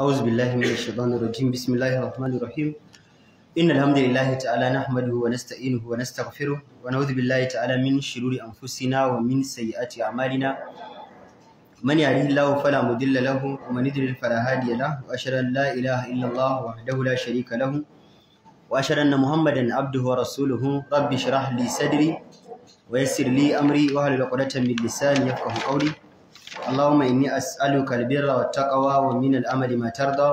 أعوذ بالله من الشيطان الرجيم بسم الله الرحمن الرحيم إن الحمد لله تعالى نحمده ونستعينه ونستغفره ونعوذ بالله تعالى من شرور أنفسنا ومن سيئات أعمالنا من يهده الله فلا مضل له ومن يضلل فلا هادي له وأشهد أن لا إله إلا الله وحده لا شريك له وأشهد أن محمدا عبده ورسوله رب اشرح لي صدري ويسر لي أمري واحلل عقدة من لساني يفقه قولي اللهم إني أسألك البر والتقوى ومن الأمل inni ترضى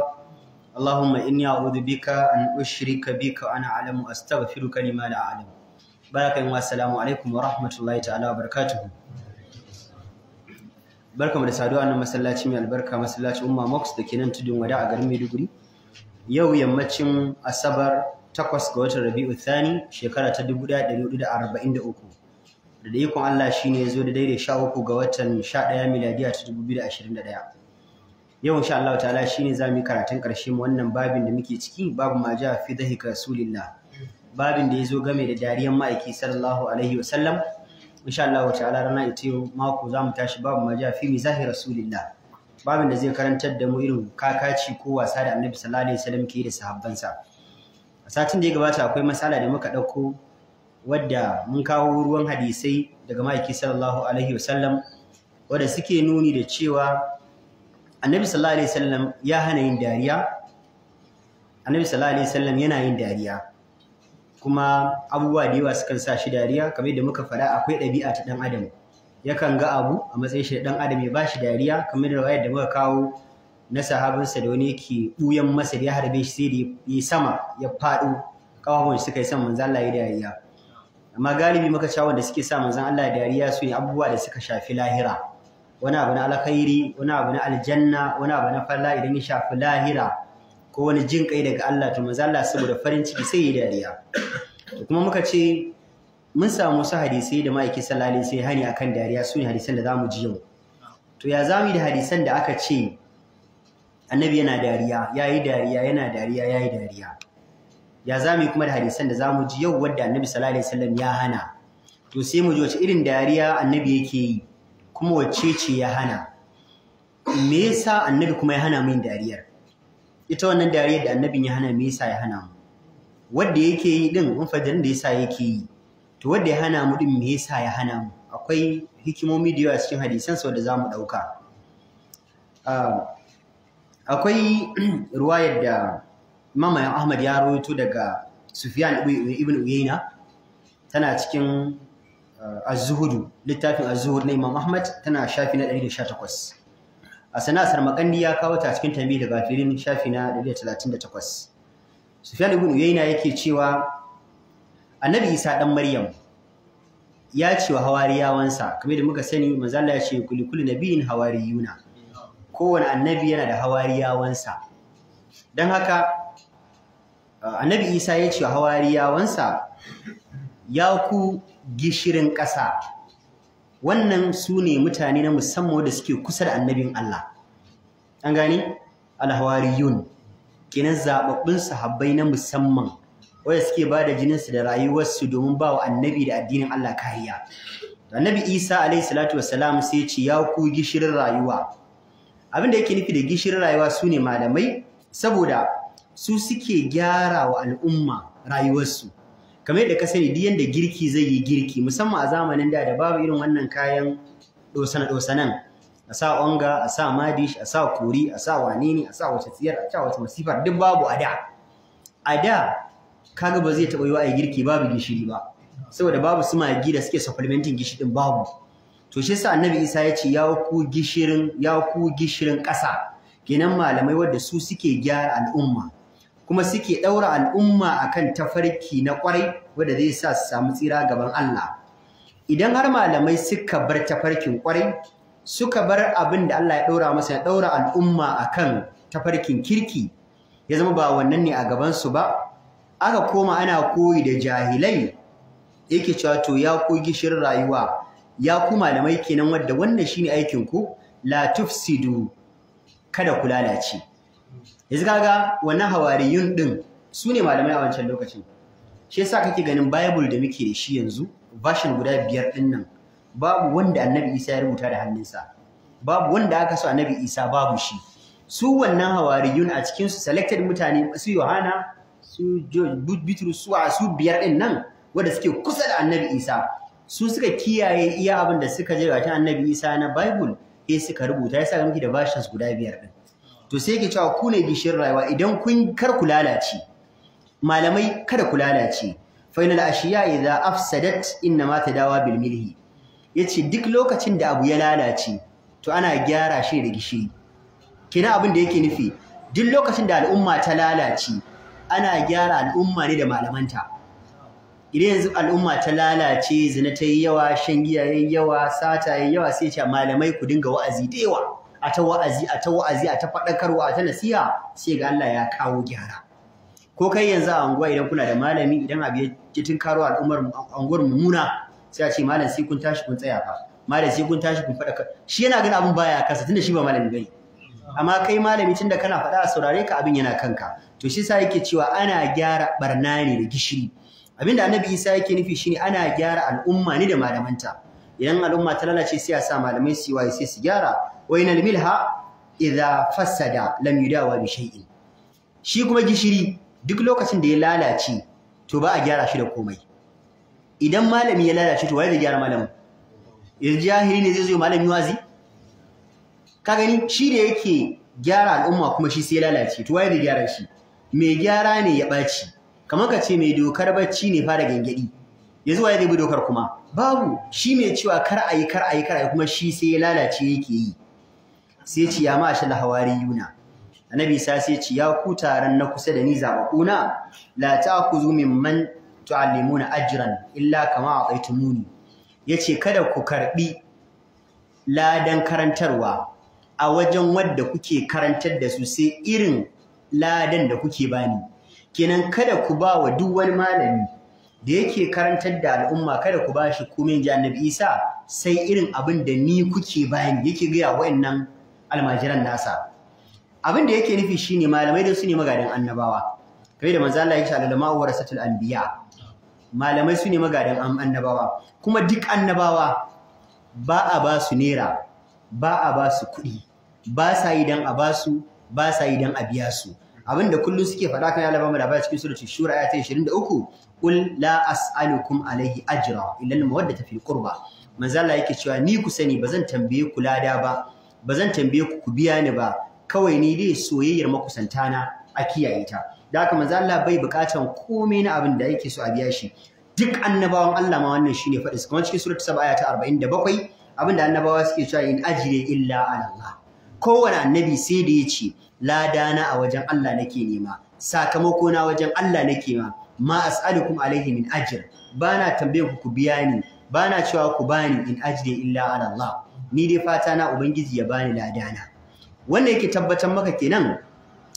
bika. إني أعوذ بك أن أشرك بك وأنا أعلم وأستغفرك لما لا أعلم بارك الله السلام عليكم ورحمة الله تعالى وبركاته barka da saduwa nan masallaci mai albarka masallacin umma mox da ke nan tudun wada a garin maiduguri yau yammacin asabar 8 ga watan rabi'u thani shekara ta uku. da da ikon Allah shi ya zo da daidai sha uku ga watan sha ɗaya miladiya ta dubu biyu da ashirin da ɗaya yau insha Allah ta'ala ne za mu yi karatun ƙarshe mu wannan babin da muke ciki babu ma ja fi babin da ya zo game da dariyan ma'aiki sallallahu alaihi wasallam insha Allah ta'ala rana ita yau mako za mu tashi babu ma ja fi mizahi rasulillah babin da zai karantar da mu irin kakaci ko wasa da annabi sallallahu alaihi sallam ke da sahabbansa a satin da ya gabata akwai matsala da muka ɗauko wadda mun kawo ruwan hadisai daga ma'aiki sallallahu alaihi wasallam wadda suke nuni da cewa annabi sallallahu alaihi wasallam ya hana yin dariya annabi sallallahu alaihi wasallam yana yin dariya kuma abubuwa da yawa sukan sa shi dariya kamar yadda muka faɗa akwai ɗabi'a ta ɗan adam yakan ga abu a matsayin shi da ɗan adam ya ba shi dariya kamar da wayar da muka kawo na sahabinsa da wani yake ɓuyan masa da ya harbe shi sai da ya sama ya faɗo ƙawahun suka yi sama, manzo Allah ya dariya amma galibi muka cewa wanda suke sa manzon Allah dariya su yi abubuwa da suka shafi lahira wani abu na alkhairi wani abu na aljanna wani abu na falla idan ya shafi lahira ko wani jin kai daga Allah to manzon Allah saboda farin ciki sai ya dariya to kuma muka ce mun samu wasu hadisai da ma'aiki sallallahu alaihi hani akan dariya su ne hadisan da zamu ji yau to ya zamu da hadisan da aka ce annabi yana dariya yayi dariya yana dariya yayi dariya ya za zamu kuma da hadisan da za mu ji yau wadda annabi sallallahu alaihi wasallam ya hana to sai mu ji wace irin dariya annabi yake yi kuma wace ce ya hana me yasa annabi kuma ya hana mu yin dariyar ita wannan dariyar da annabin ya hana me yasa ya hana mu wanda yake yi din mafadarin da yasa yake yi to wanda ya hana mu din me yasa ya hana mu akwai hikimomi da yawa cikin hadisan sau da za mu ɗauka ah, akwai ruwayar da mamayan Ahmad ya rawaito daga Sufyan ibn Uyayna tana cikin uh, azuhudu, littafin Az-Zuhud na Imam Ahmad tana shafi na 118 a sanasar makandi ya kawo ta cikin tambayi da gafirin shafi na 138 Sufyan ibn Uyayna yake cewa Annabi Isa dan Maryam ya ce wa hawariyawansa kamar da muka sani manzo Allah ya ce biyun nabiyin hawariyuna kowane annabi yana da hawariyawansa don haka Uh, annabi isa ya ce hawariyawansa ya ku gishirin ƙasa wannan su ne mutane na musamman da suke kusa da annabin Allah an gane alhawariyun kenan zaɓaɓɓun sahabbai na musamman waya suke ba da jininsu da rayuwarsu domin ba wa annabi da addinin Allah kariya annabi isa alaihi salatu sai ce ya ku gishirin rayuwa abin da yake nufi da gishirin rayuwa su ne malamai saboda su suke gyara wa al'umma rayuwarsu kamar yadda ka sani duk girki zai yi girki musamman a zamanin da da babu irin wannan kayan dosana-dosanan a sa onga a sa madish a sa kori a sa wane ne a sa wace tsiyar a sa wace masifar duk babu a da a da kaga ba zai taɓa yiwa a girki babu gishiri ba saboda babu su magi da suke supplementing gishirin babu to shi sa annabi isa ya ce ya ku gishirin ya ku gishirin ƙasa kenan malamai wadda su suke gyara al'umma kuma suke ɗaura al'umma akan tafarki na ƙwarai wanda zai sa su samu tsira gaban Allah idan har malamai suka bar tafarkin ƙwarai suka bar abin da Allah ya ɗaura masa ya ɗaura al'umma akan tafarkin kirki ya zama ba wannan ne a gabansu ba aka koma ana koyi da jahilai yake cewa to ya ku gishirin rayuwa ya ku malamai kenan wadda wannan shine aikin ku la tufsidu kada ku lalace yanzu ga wannan hawariyun ɗin su ne malamai a wancan lokacin shi yasa kake ganin bible da muke da shi yanzu version guda biyar din nan babu wanda annabi isa ya rubuta da hannunsa babu wanda aka so annabi isa babu shi su wannan hawariyun a cikin su selected mutane su yohana su bitrus su su biyar din nan wanda suke kusa da annabi isa su suka kiyaye iya abin da suka je wa annabi isa na bible sai suka rubuta ya sa muke da versions guda biyar din to sai ke cewa ku ne gishirin rayuwa idan kun kar ku lalace malamai kada ku lalace fa inal ashiya idza afsadat inna ma tadawa bil milhi yace duk lokacin da abu ya lalace to ana gyara shi da gishiri kina abin da yake nufi duk lokacin da al'umma ta lalace ana gyara al'umma ne da malamanta idan yanzu al'umma ta lalace zina ta yi yawa shan giya yayi yawa sata yayi yawa sai ce malamai ku dinga wa'azi da yawa a ta wa'azi a ta wa'azi a ta faɗakarwa a ta nasiha sai ga Allah ya kawo gyara ko kai yanzu a anguwa idan kuna da malami idan abu ya tun karo al'ummar anguwar muna sai a ce malam sai kun tashi kun tsaya fa malam sai kun tashi kun faɗa shi yana gina abin baya kansa tunda shi ba malami bane amma kai malami tunda kana faɗa a saurare ka abin yana kanka to shi sa yake cewa ana gyara barna ne da gishiri abinda annabi Isa yake nufi shine ana gyara al'umma ne da malamanta idan al'umma ta lalace sai a sa malamai su yi waye sai su gyara wa inal milha idza fasada lam yudawa bi shay'in shi kuma gishiri duk lokacin da ya lalace to ba a gyara shi da komai idan malami ya lalace to waye zai gyara malamin Idan jahili ne zai zo malami wazi ka gani shi da yake gyara al'umma kuma shi sai lalace to waye zai gyara shi mai gyara ne ya ɓaci kamar ka ce mai dokar bacci ne fara gyangyaɗi yanzu waye zai bi dokar kuma babu shi mai cewa kar a yi kar a yi kar a yi kuma shi sai ya lalace yake yi sai ce ya ma shi yuna annabi sa sai ce ya ku taron na kusa da ni zababuna la a mimman tu'allimuna ajran illa kama Ya yace kada ku karɓi ladan karantarwa a wajen wanda kuke karantar da su sai irin ladan da kuke bani kenan kada ku ba wa duk wani malami da yake karantar da al'umma kada ku ba shi komai ji annabi isa sai irin abin da ni kuke bani yake gaya wa'annan almajiran nasa abin da yake nufi shine malamai da su ne magadan annabawa kai da manzo Allah ya ce ulama warasatul anbiya malamai su ne magadan annabawa kuma duk annabawa ba a ba su nera ba a ba su kuɗi ba sa yi dan a ba su ba sa yi dan a biya su abin da kullum suke faɗa kan Allah ba mu ba cikin suratul shura ayat 23 qul la as'alukum alayhi ajra illa al-mawaddata fi qurba manzo Allah yake cewa ni ku sani bazan tambaye ku lada ba ba zan tambaye ku ku biya ni ba kawai ni dai soyayyar makusantana a kiyaye ta da haka manzo Allah bai bukatan komai na abin da yake so a biya shi duk annabawan Allah ma wannan shine faɗi kamar cikin surat 7 aya ta 47 abinda annabawa suke cewa in ajire illa Allah kowane annabi sai da yace ladana a wajen Allah nake nema sakamako na wajen Allah nake ma ma as'alukum alaihi min ajr bana tambaye ku ku biya ni bana cewa ku bani in ajire illa ala Allah ni dai fata na ubangiji ya bani ladana wannan yake tabbatar maka kenan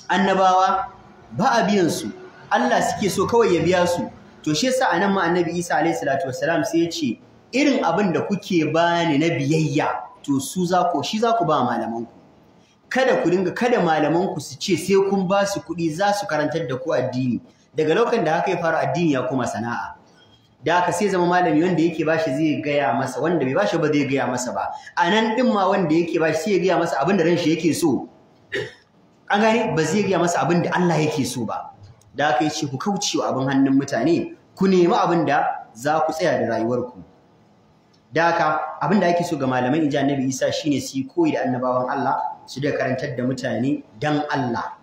annabawa ba a biyan su Allah suke so kawai ya biya su to shi yasa anan ma annabi Isa alayhi salatu wassalam sai ya ce irin abin da kuke bani na biyayya to su za ku shi za ku ba malaman ku kada ku dinga kada malaman ku su ce sai kun ba su kuɗi za su karantar da ku addini daga lokacin da haka ya fara addini ya kuma sana'a da ka sai zama malami wanda yake bashi zai gaya masa wanda bai bashi ba zai gaya masa ba a nan ɗin ma wanda yake bashi sai ya gaya masa abin da ran shi yake so an gani ba zai gaya masa abin da Allah yake so ba da aka yi ce ku kaucewa abin hannun mutane ku nemi abin da za ku tsaya da rayuwarku da ka, abin da ake so ga malaman inji annabi isa shine su yi koyi da annabawan Allah su da karantar da mutane dan Allah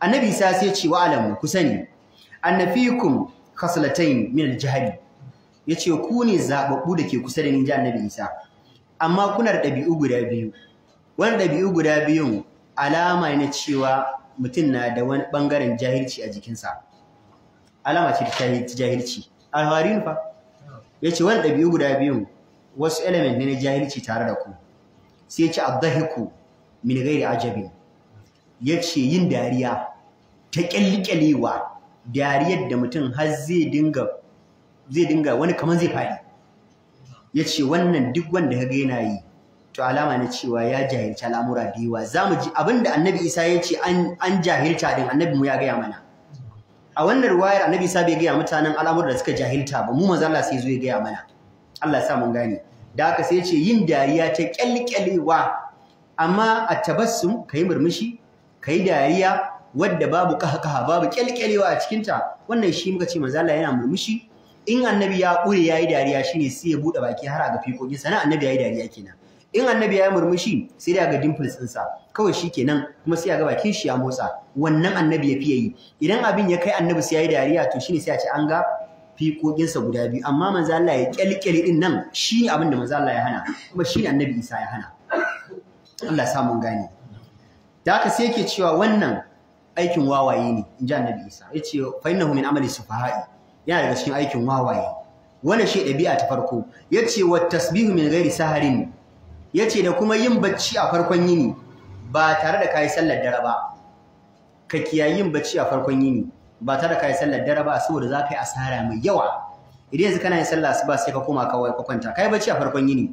annabi isa sai ce wa alamu ku sani annafikum khaslatayn min al ya ce ku ne zaɓaɓɓu da ke kusa da ni ji annabi isa amma kuna da ɗabi'u guda biyu wani ɗabi'u guda biyun alama ne cewa mutum na da wani ɓangaren jahilci a jikinsa alama ce ta jahilci alhawarin fa ya ce wani ɗabi'u guda biyun wasu element ne na jahilci tare da ku sai ya ce abdahiku min gairi ajabi ya ce yin dariya ta ƙyalli-ƙyalewa dariyar da mutum har zai dinga zai dinga wani kamar zai faɗi ya ce wannan duk wanda ka ga yana yi to alama na cewa ya jahilci al'amura da yawa za mu ji abin annabi isa ya ce an jahilta din annabi mu ya gaya mana a wannan ruwayar annabi isa bai gaya mutanen al'amura da suka jahilta ba mu mazala Allah sai zo ya gaya mana Allah ya sa mun gane da haka sai ce yin dariya ta kyalkyalewa amma a tabassum yi murmushi ka yi dariya wadda babu kaha-kaha babu kyalkyalewa a cikinta wannan shi muka ce manzo Allah yana murmushi in annabi ya ƙure ya yi dariya shine sai ya buɗe baki har a ga fikokin sana annabi ya yi dariya kenan in annabi ya yi murmushi sai da ga dimples ɗinsa kawai shi kenan kuma sai a ga bakin shi ya motsa wannan annabi ya fiye yi idan abin ya kai annabi sai ya yi dariya to shine sai a ci an ga fikokinsa guda biyu amma manzo Allah ya kyalkyali din nan shi abin da manzo Allah ya hana kuma shi ne annabi Isa ya hana Allah sa mun gane da haka sai yake cewa wannan aikin wawaye ne in ji annabi Isa Ya ce fa innahu min amali sufaha'i yana daga cikin aikin wawaye wannan shi ɗabi'a ta farko yace wa tasbihu min ghairi saharin yace da kuma yin bacci a farkon yini ba tare da kai sallar dare ba ka kiyayi yin bacci a farkon yini ba tare da kai sallar dare ba saboda za ka yi asara mai yawa idan yanzu kana yin sallah asuba sai ka koma kawai ka kwanta kai bacci a farkon yini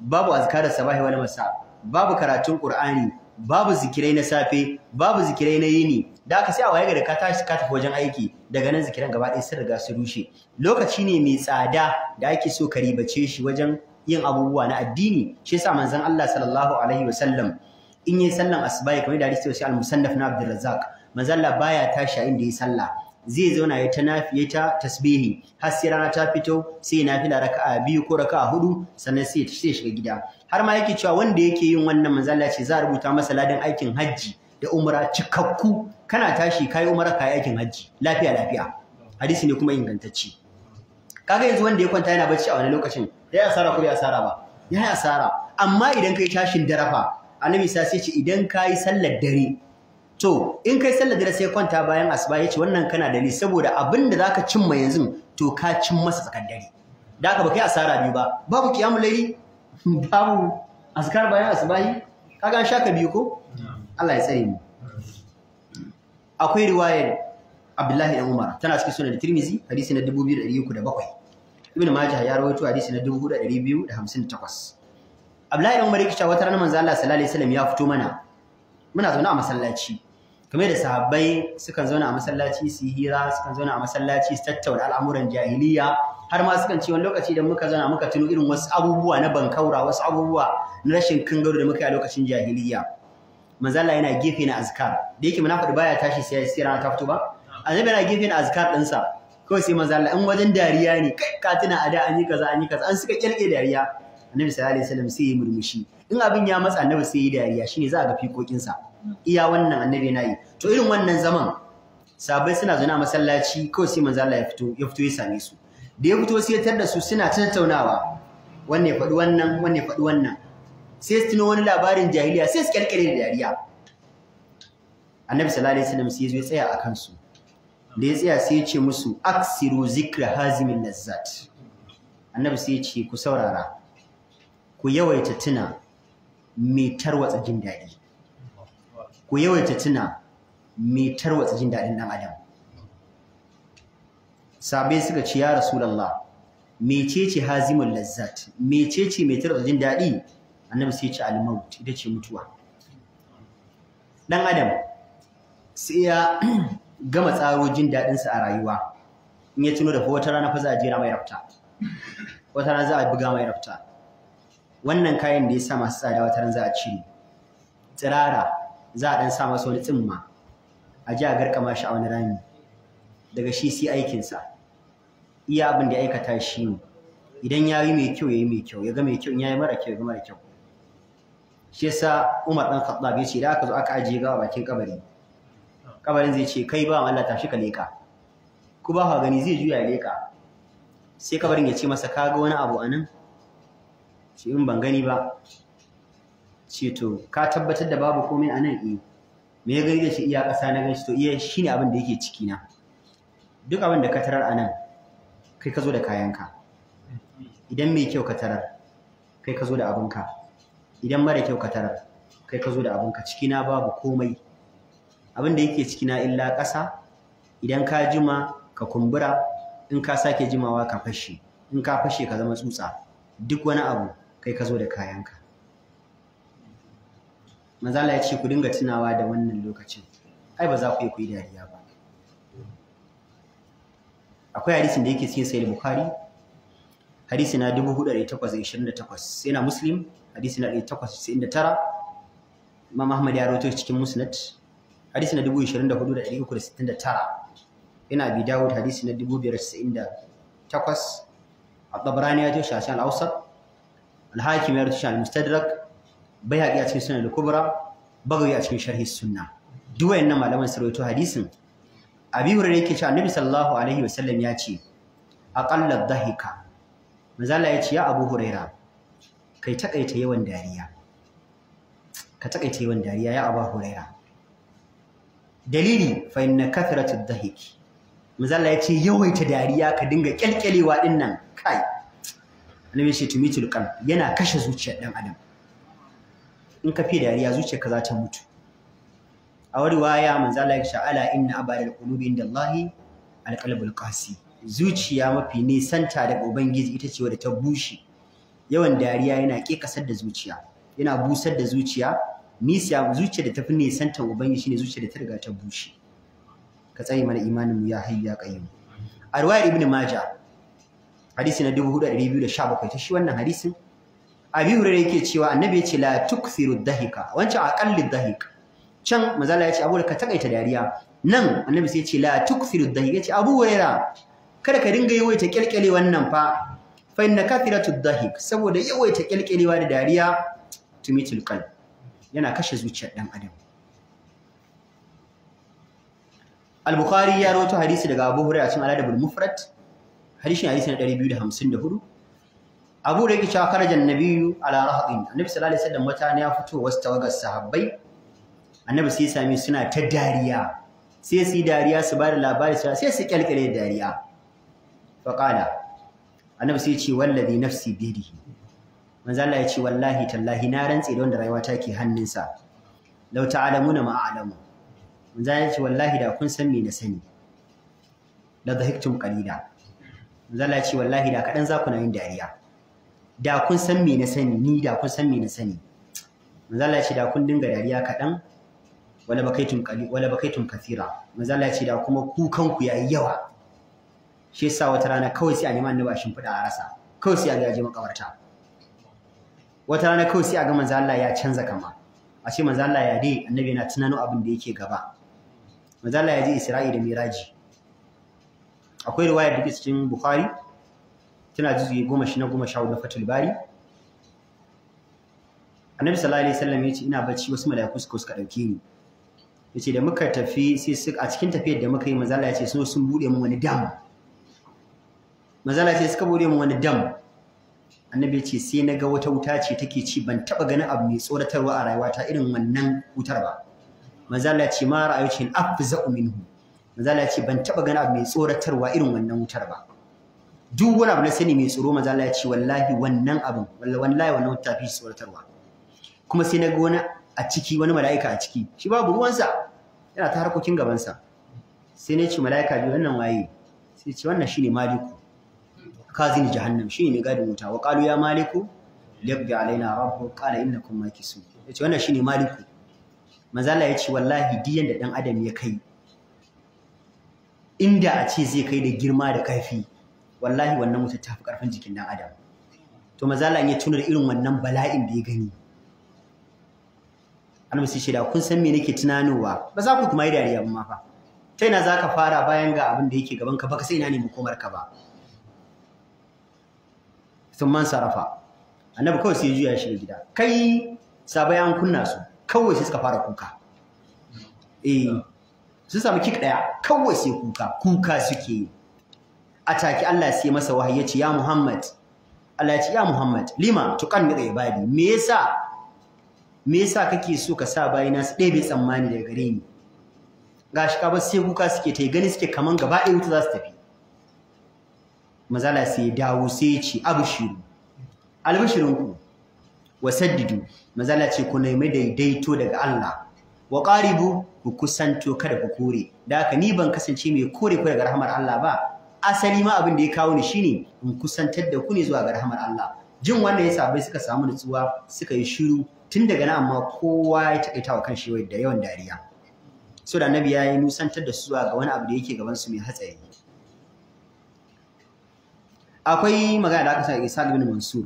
babu azkarar sabahi wala masa babu karatun qur'ani babu zikirai na safe babu zikirai na yini da aka sai a waye gari ka tashi ka tafi wajen aiki daga nan zikiran gaba ɗaya sun riga su rushe lokaci ne mai tsada da ake so ka ribace shi wajen yin abubuwa na addini shi yasa manzon Allah sallallahu alaihi wasallam in yi sallan asuba kamar da hadisi sai al-musannaf na Razzaq manzon Allah baya tashi a inda yi sallah zai zauna ya ta nafiye ta tasbihi har sai rana ta fito sai na fila raka'a biyu ko raka'a hudu sannan sai ta sai shiga gida har ma yake cewa wanda yake yin wannan manzo Allah ce za a rubuta masa ladan aikin hajji da umra cikakku kana tashi kai umra kai aikin hajji lafiya lafiya hadisi ne kuma ingantacce kaga yanzu wanda ya kwanta yana bacci a wani lokacin ya asara ko ya asara ba ya asara amma idan kai tashin darafa annabi sai ce idan kai sallar dare to in kai sallar dare sai kwanta bayan asuba yace wannan kana da ni saboda abin da zaka cimma yanzu to ka cin masa tsakar dare da haka ba kai asara biyu ba babu kiyamu layli babu askar bayan yi? ka ga shaka biyu ko Allah ya tsare mu akwai riwayar Abdullahi dan Umar tana cikin sunan Tirmidhi hadisi na 2307 Ibn Majah ya rawaito hadisi na 2258. Abdullahi dan Umar ya kisha wata ranar manzo Allah sallallahu alaihi wasallam ya fito mana muna zaune a masallaci kamar da sahabbai sukan zauna a masallaci su yi hira sukan zauna a masallaci su tattauna al'amuran jahiliya har ma sukan ce wani lokaci da muka zauna muka tuno irin wasu abubuwa na bankaura wasu abubuwa na rashin gado da muka yi a lokacin jahiliya manzala yana gefe na azkar da yake munafiki baya tashi sai sai rana ta fito ba annabi yana gefe na azkar sa kawai sai manzala in wajen dariya ne kai ka tuna a da an yi kaza an yi kaza an suka kirke dariya annabi sallallahu alaihi wasallam sai ya murmushi in abin ya matsa annabi sai ya dariya shine za a ga sa iya wannan annabi na yi to irin wannan zaman sabai suna zuna masallaci kawai sai manzo Allah ya fito ya fito ya same su da ya fito sai ya tarda su suna tattaunawa wanne ya faɗi wannan wanne ya faɗi wannan sai su tuno wani labarin jahiliya sai su kirkire da dariya annabi sallallahu alaihi wasallam sai ya zo ya tsaya a kansu da ya tsaya sai ya ce musu aksiru zikra hazimin lazzat annabi sai ya ce ku saurara ku yawaita tuna mai tarwatsa jin daɗi ku yawaita tuna mai tarwatsa jin daɗin ɗan adam sabai suka ci ya rasulallah mecece hazimul lazzat mecece mai tarwatsa jin daɗi annabi sai ci al-maut ita ce mutuwa ɗan adam sai ya gama tsaro jin daɗinsa a rayuwa in ya tuno da wata rana fa za a jera mai rafta wata rana za a buga mai rafta wannan kayan da ya sa masu tsada wata rana za a cire tsirara za a ɗan sa masa wani tsimma a ji a garkama shi a wani rami daga shi sai aikinsa iya abin da ya aikata shi ne idan ya yi mai kyau ya yi mai kyau ya ga mai kyau ya yi mara kyau ya ga mara kyau shi yasa Umar ɗan Khattab ya ce da aka zo aka ajiye gawa bakin kabari kabarin zai ce kai ba Allah tashi ka leka ku ba gani zai juya ya leka sai kabarin ya ce masa ka ga wani abu anan shi in ban gani ba ce to ka tabbatar da babu komai a nan ne eh. me ya gani da shi iya ƙasa na ganshi to iya shine abin da yake ciki na duk abin da ka tarar a nan kai ka zo da kayanka idan mai kyau ka tarar kai ka zo da abinka idan mara kyau ka tarar kai ka zo da abinka ciki na babu komai abin da yake ciki na illa ƙasa idan ka jima ka kumbura in ka sake jimawa ka fashe in ka fashe ka zama tsutsa duk wani abu kai ka zo da kayanka manzala ya ce ku dinga tunawa da wannan lokacin ai ba za ku yi ku yi dariya ba akwai hadisin da yake cikin sahih bukhari hadisi na sai yana muslim hadisi na tara. imam ahmad ya rawaito cikin musnad hadisi na 24369 ina bi dawud hadisi na da at-tabrani ya rawaito shi al hausar al-hakim ya rawaito shi al-mustadrak bayhaqi a cikin sunan ba kubra bagawi a cikin sharhi sunna duk wayannan malaman sarwato hadisin abi hurairah yake cewa annabi sallallahu alaihi wasallam ya ce aqalla dhahika manzo Allah ya ce ya abu huraira kai takaita yawan dariya ka takaita yawan dariya ya abu huraira. dalili fa inna kathratu dhahiki manzo ya ce yawaita dariya ka dinga kyalkyalewa dinnan kai annabi shi tumitul qalb yana kashe zuciyar dan adam in ka fi dariya zuciyarka za ta mutu a wani waya manzo ya sha'ala ala inna abadal qulubi inda Allah alqalbul qasi zuciya mafi nisanta daga ubangiji ita ce wadda ta bushe yawan dariya yana ke kasar da zuciya yana busar da zuciya nisiya zuciya da tafi nisanta ubangiji shine zuciya da ta riga ta bushe ka tsaye mana imanin mu ya hayya qayyim a Ruwayar ibnu majah hadisi na 4217 ta shi wannan hadisin abi hurairah yake cewa annabi ya ce la tukthiru dahika wancan aqallu dahik can mazala ya ce abu ka takaita dariya nan annabi sai ya ce la tukthiru dahik ya ce abu hurairah kada ka dinga yawaita kyalkyale wannan fa fa inna kathiratu dahik saboda yawaita kyalkyalewa da dariya tumitul qalb yana kashe zuciyar dan adam al-bukhari ya rawaito hadisi daga abu a cikin al-adabul mufrad hadisin hadisi na 254 abu da yake cewa karajan nabiyu ala rahadin annabi sallallahu alaihi wasallam wata ne ya fito wasu tawagar sahabbai annabi sai sami suna ta dariya sai su dariya su ba da labari sai su kyalkyale dariya fa qala annabi sai ce wallazi nafsi bihi manzo Allah ya ce wallahi tallahi na rantse da wanda rayuwa ta ke hannunsa law ta'lamuna ma a'lamu manzo ya ce wallahi da kun san me na sani la dhahiktum qalila manzo Allah ya ce wallahi da kadan za ku na yin dariya da kun san me na sani ni da kun san me na sani manzo Allah ya ce da kun dinga dariya kaɗan wala bakaitum qali wala bakaitum kathira manzo Allah ya ce da kuma kukan ku yayi yawa shi yasa wata rana kawai sai a nemi annabi a shimfiɗa a rasa kawai sai a ga je makabarta wata rana kawai sai a ga manzo Allah ya canza kama a ce manzo Allah ya dai annabi yana tunano abin da yake gaba manzo Allah ya je Isra'i da Miraji akwai riwaya duk cikin Bukhari tana juzuyi goma shi na goma sha hudu fatul bari annabi sallallahu alaihi wasallam ya ce ina bacci wasu mala'iku suka suka dauke ni yace da muka tafi sai su a cikin tafiyar da muka yi manzala ya so sun bude mu wani dam manzala ya ce suka bude mu wani dam annabi ce sai na ga wata wuta ce take ci ban taba ganin abu mai tsoratarwa a rayuwata irin wannan wutar ba manzala ya ma ra'ayi ce afza minhu manzala ya ban taba ganin abu mai tsoratarwa irin wannan wutar ba duk wani abu na sani mai tsoro maza Allah ya ce wallahi wannan abin wallahi wannan tafi tsoratarwa kuma sai na ga wani a ciki wani mala'ika a ciki shi babu ruwansa yana ta harkokin gabansa sai na ce mala'ika biyu wannan waye sai ce wannan shine maliku kazini jahannam shine mai gadin wuta wa qalu ya maliku liyaqdi alaina rabbu qala innakum makisun yace wannan shine maliku maza Allah ya ce wallahi diyan da dan adam ya kai inda a ce zai kai da girma da kafi wallahi wannan mutum ta fi karfin jikin dan adam to mazala ya tuna da irin wannan bala'in da ya gani annabi sai shi da kun san me nake tunanowa ba za ku kuma yi dariya ba fa ta ina za fara bayan ga abin da yake gaban ka baka sai ina ne komar ka ba sun man sarrafa annabi kawai sai juya shi gida kai sabai an kunna su kawai sai suka fara kuka eh sun samu kik daya kawai sai kuka kuka suke yi a taki, Allah sai masa wahayi ya ce ya Muhammad Allah ya ce ya Muhammad lima tuqannida ibadi me yasa me yasa kake so ka sa bayina su ɗebe tsammani daga gare ni gashi ka bar sai kuka suke tai gani suke kaman gaba ɗaya wuta za su tafi mazala sai dawo sai ya ce abshiru ku wasaddidu mazala ce ku nemi daidaito daga Allah wa qaribu ku kusanto kada ku kore da haka ni ban kasance mai kore ku daga rahmar Allah ba asali ma abin da ya kawo ni shine in kusantar da ku ne zuwa ga rahmar Allah jin wannan ya sabai suka samu nutsuwa suka yi shiru tun daga nan amma kowa ya takaita wa kanshi da yawan dariya so da annabi ya yi nusantar da su zuwa ga wani abu da yake gaban su mai hatsari akwai magana da aka sa Isa ibn Mansur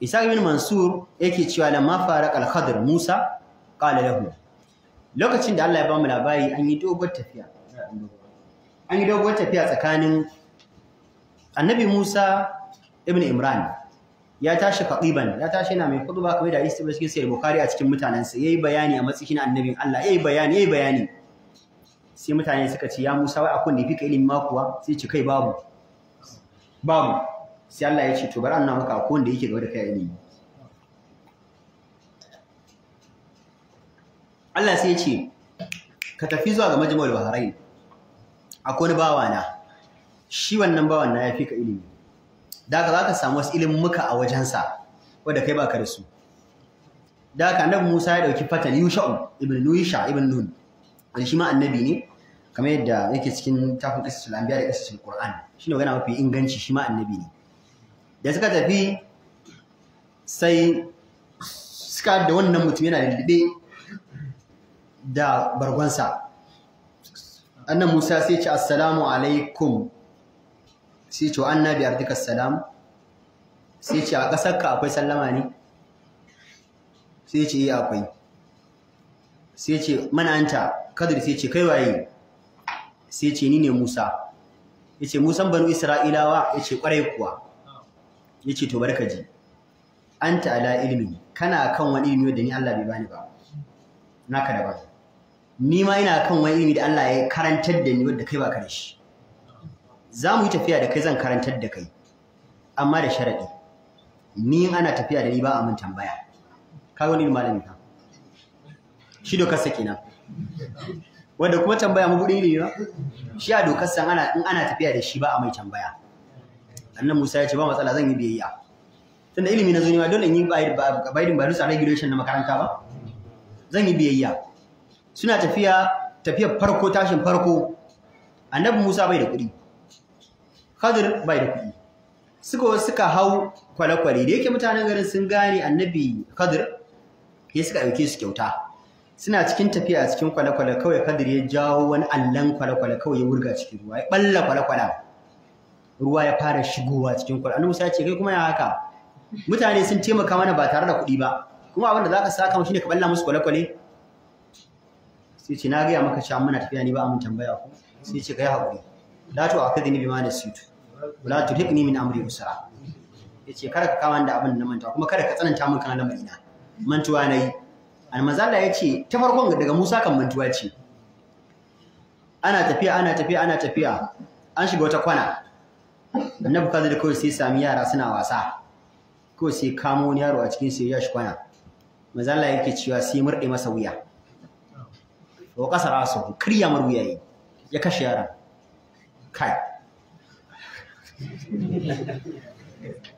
Isa ibn Mansur yake cewa lamma faraqal khadr Musa qala lahu lokacin da Allah ya ba mu labari an yi dogon tafiya an yi dogon tafiya tsakanin annabi Musa ibn Imran ya tashi faqiban ya tashi yana mai khutba kamar da isti cikin sai Bukhari a cikin mutanensa yayi bayani a matsayin annabin Allah yayi bayani yayi bayani sai mutane suka ce ya Musa wai akwai ne fika ilimi ma kuwa sai ci kai babu babu sai Allah ya ce to bari an nuna maka akwai wanda yake gaba da kai ilimi Allah sai ya ce ka tafi zuwa ga majmu'ul bahrain akwai wani bawa na shi wannan bawan na ya fi ka ilimi da ka za ka samu wasu ilimin muka a wajensa wadda kai baka da su da ka annabi Musa ya dauki fatan Yusha'u ibn Nusha ibn Nun wani shi ma annabi ne kamar yadda yake cikin tafin qissatul anbiya da qissatul qur'an ne wani mafi inganci shi ma annabi ne da suka tafi sai suka da wannan mutum yana lulluɓe da bargonsa annan Musa sai ce assalamu alaikum sai ce anna bi ardika salam. sai ce a kasar ka akwai sallama ne sai ce yi eh, akwai sai ce mana ta. kadir sai ce kai waye sai ce ni ne Musa Ya ce, Musan banu Isra'ilawa Ya ce, kwarai kuwa Ya ce, to barka ji anta ala ilmi kana kan wani ilmi da ni Allah bai bani ba naka daban ni ma ina kan wani ilimi da Allah ya karantar da ni wanda kai baka da shi za mu yi tafiya da kai zan karantar da kai amma da sharaɗi ni in ana tafiya da ni ba a mun tambaya ka wani malami ka shi dokar sa kenan wanda kuma tambaya mu buɗe ilimi ba shi a dokar san ana in ana tafiya da shi ba a mai tambaya annan Musa ya ce ba matsala zan yi biyayya tunda ilimi na zo ne ma dole in yi ba ba ba regulation na makaranta ba zan yi biyayya suna tafiya tafiyar farko tashin farko annabi Musa bai da kuɗi Khadir bai da kuɗi suka suka hau kwale-kwale da yake mutanen garin sun gane annabi Khadir ya suka ɗauke su kyauta suna cikin tafiya a cikin kwale-kwale kawai Khadir ya jawo wani allon kwale-kwale kawai ya wurga cikin ruwa ya balla kwale-kwale ruwa ya fara shigowa cikin kwale annabi Musa ya ce kai kuma ya haka mutane sun taimaka mana ba tare da kuɗi ba kuma abin da zaka saka mu shine ka balla musu kwale-kwale sai ce na gaya maka cewa muna tafiya ni ba amin tambaya ku sai ce kai haƙuri la tu akadini bima nasitu wala tulhiqni min amri usra yace kada ka kama da abin da manta kuma kada ka tsananta min kana lamari na mantuwa nayi almazalla yace ta farkon daga Musa kan mantuwa ce ana tafiya ana tafiya ana tafiya an shiga wata kwana annabi kaza da kawai sai sami yara suna wasa kawai sai kamo wani yaro a cikin sai ya shi kwana mazalla yake cewa sai murde masa wuya wa kasara su karya maruyayi ya kashe yara kai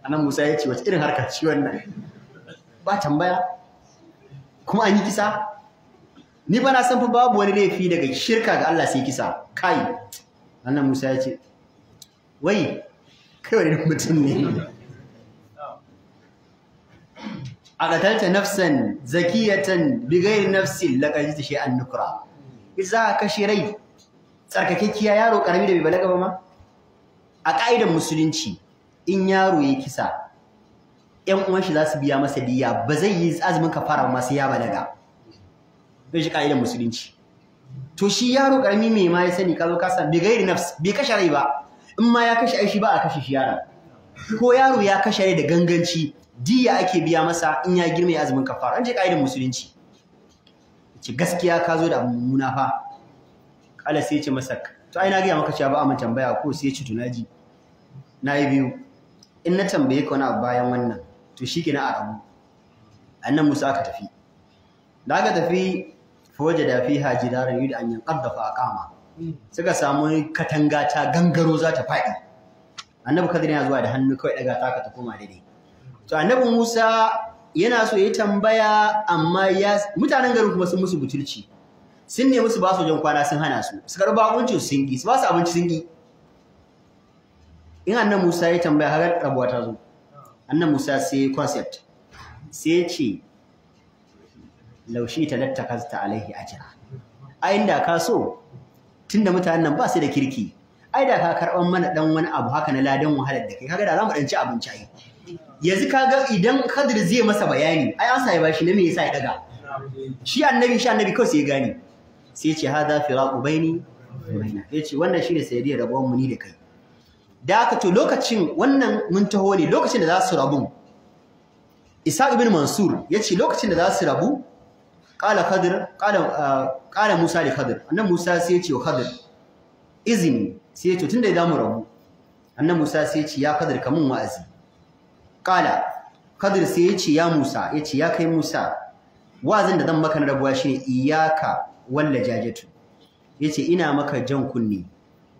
anan musa ya ce wace irin harkar ci wannan ba tambaya kuma an yi kisa ni ba na san fa babu wani laifi daga shirka ga Allah sai kisa kai annan musa ya ce wai kai wani mutum ne a qatalta nafsan zakiyatan bighayri nafsin laqad shi an nukra za ka kashe rai tsarkakekkiya yaro karami da bai balaga ba ma a ka'idar musulunci in yaro ya kisa ƴan uwan shi za su biya masa diya ba zai yi azumin kafara ba sai ya balaga bai shi ka'idar musulunci to shi yaro karami mai ma ya sani ka zo ka san bi gairi nafs bai kashe rai ba in ma ya kashe aishi ba a kashe shi yaron ko yaro ya kashe rai da ganganci diya ake biya masa in ya girma ya azumin kafara an je ka'idar musulunci ce gaskiya ka zo da mummuna fa kala sai ce masa to ai na gaya maka cewa ba a mun tambaya ko sai ce to naji na yi biyu in na tambaye ka wani abu bayan wannan to shi na a rabu annan musa aka tafi da aka tafi foje da fi haji da rayu da an yankar da fa a suka samu katanga ta gangaro za ta faɗi annabi kadir yana zuwa da hannu kawai daga ta ka ta koma daidai to annabi musa yana so ya tambaya amma ya mutanen garin kuma sun musu butulci sun nemi su ba su wajen kwana sun hana su su karba abinci sun gi su ba su abinci sun gi in annan Musa ya tambaya har rabuwa ta zo annan Musa sai concept sai ya ce laushi ta lattakasta alaihi ajra ai inda ka so tunda mutanen nan ba su da kirki ai da ka karɓar mana dan wani abu haka na ladan wahalar da kai kaga da za mu dan ci abinci ai yanzu ka ga idan Khadir zai masa bayani ai an sai bashi ne me yasa ya daga shi annabi shi annabi kawai sai ya gane sai ya ce hadha firaqu baini ya ce wannan shine sayyidiyar rabuwan mu ni da kai da aka to lokacin wannan mun taho ne lokacin da za su rabu Isa ibn Mansur ya ce lokacin da za su rabu qala Khadir qala ah, qala Musa li Khadir annan Musa sai ya ce wa izini sai ya ce tunda za mu rabu annan Musa sai ya ce ya Khadir kamun wa'azi Kala, Kadir sai ya ce ya Musa, ya ce ya kai Musa, wazin da zan maka na rabuwa shi ne iyaka walla jajatu. Ya ce ina maka jan kunne,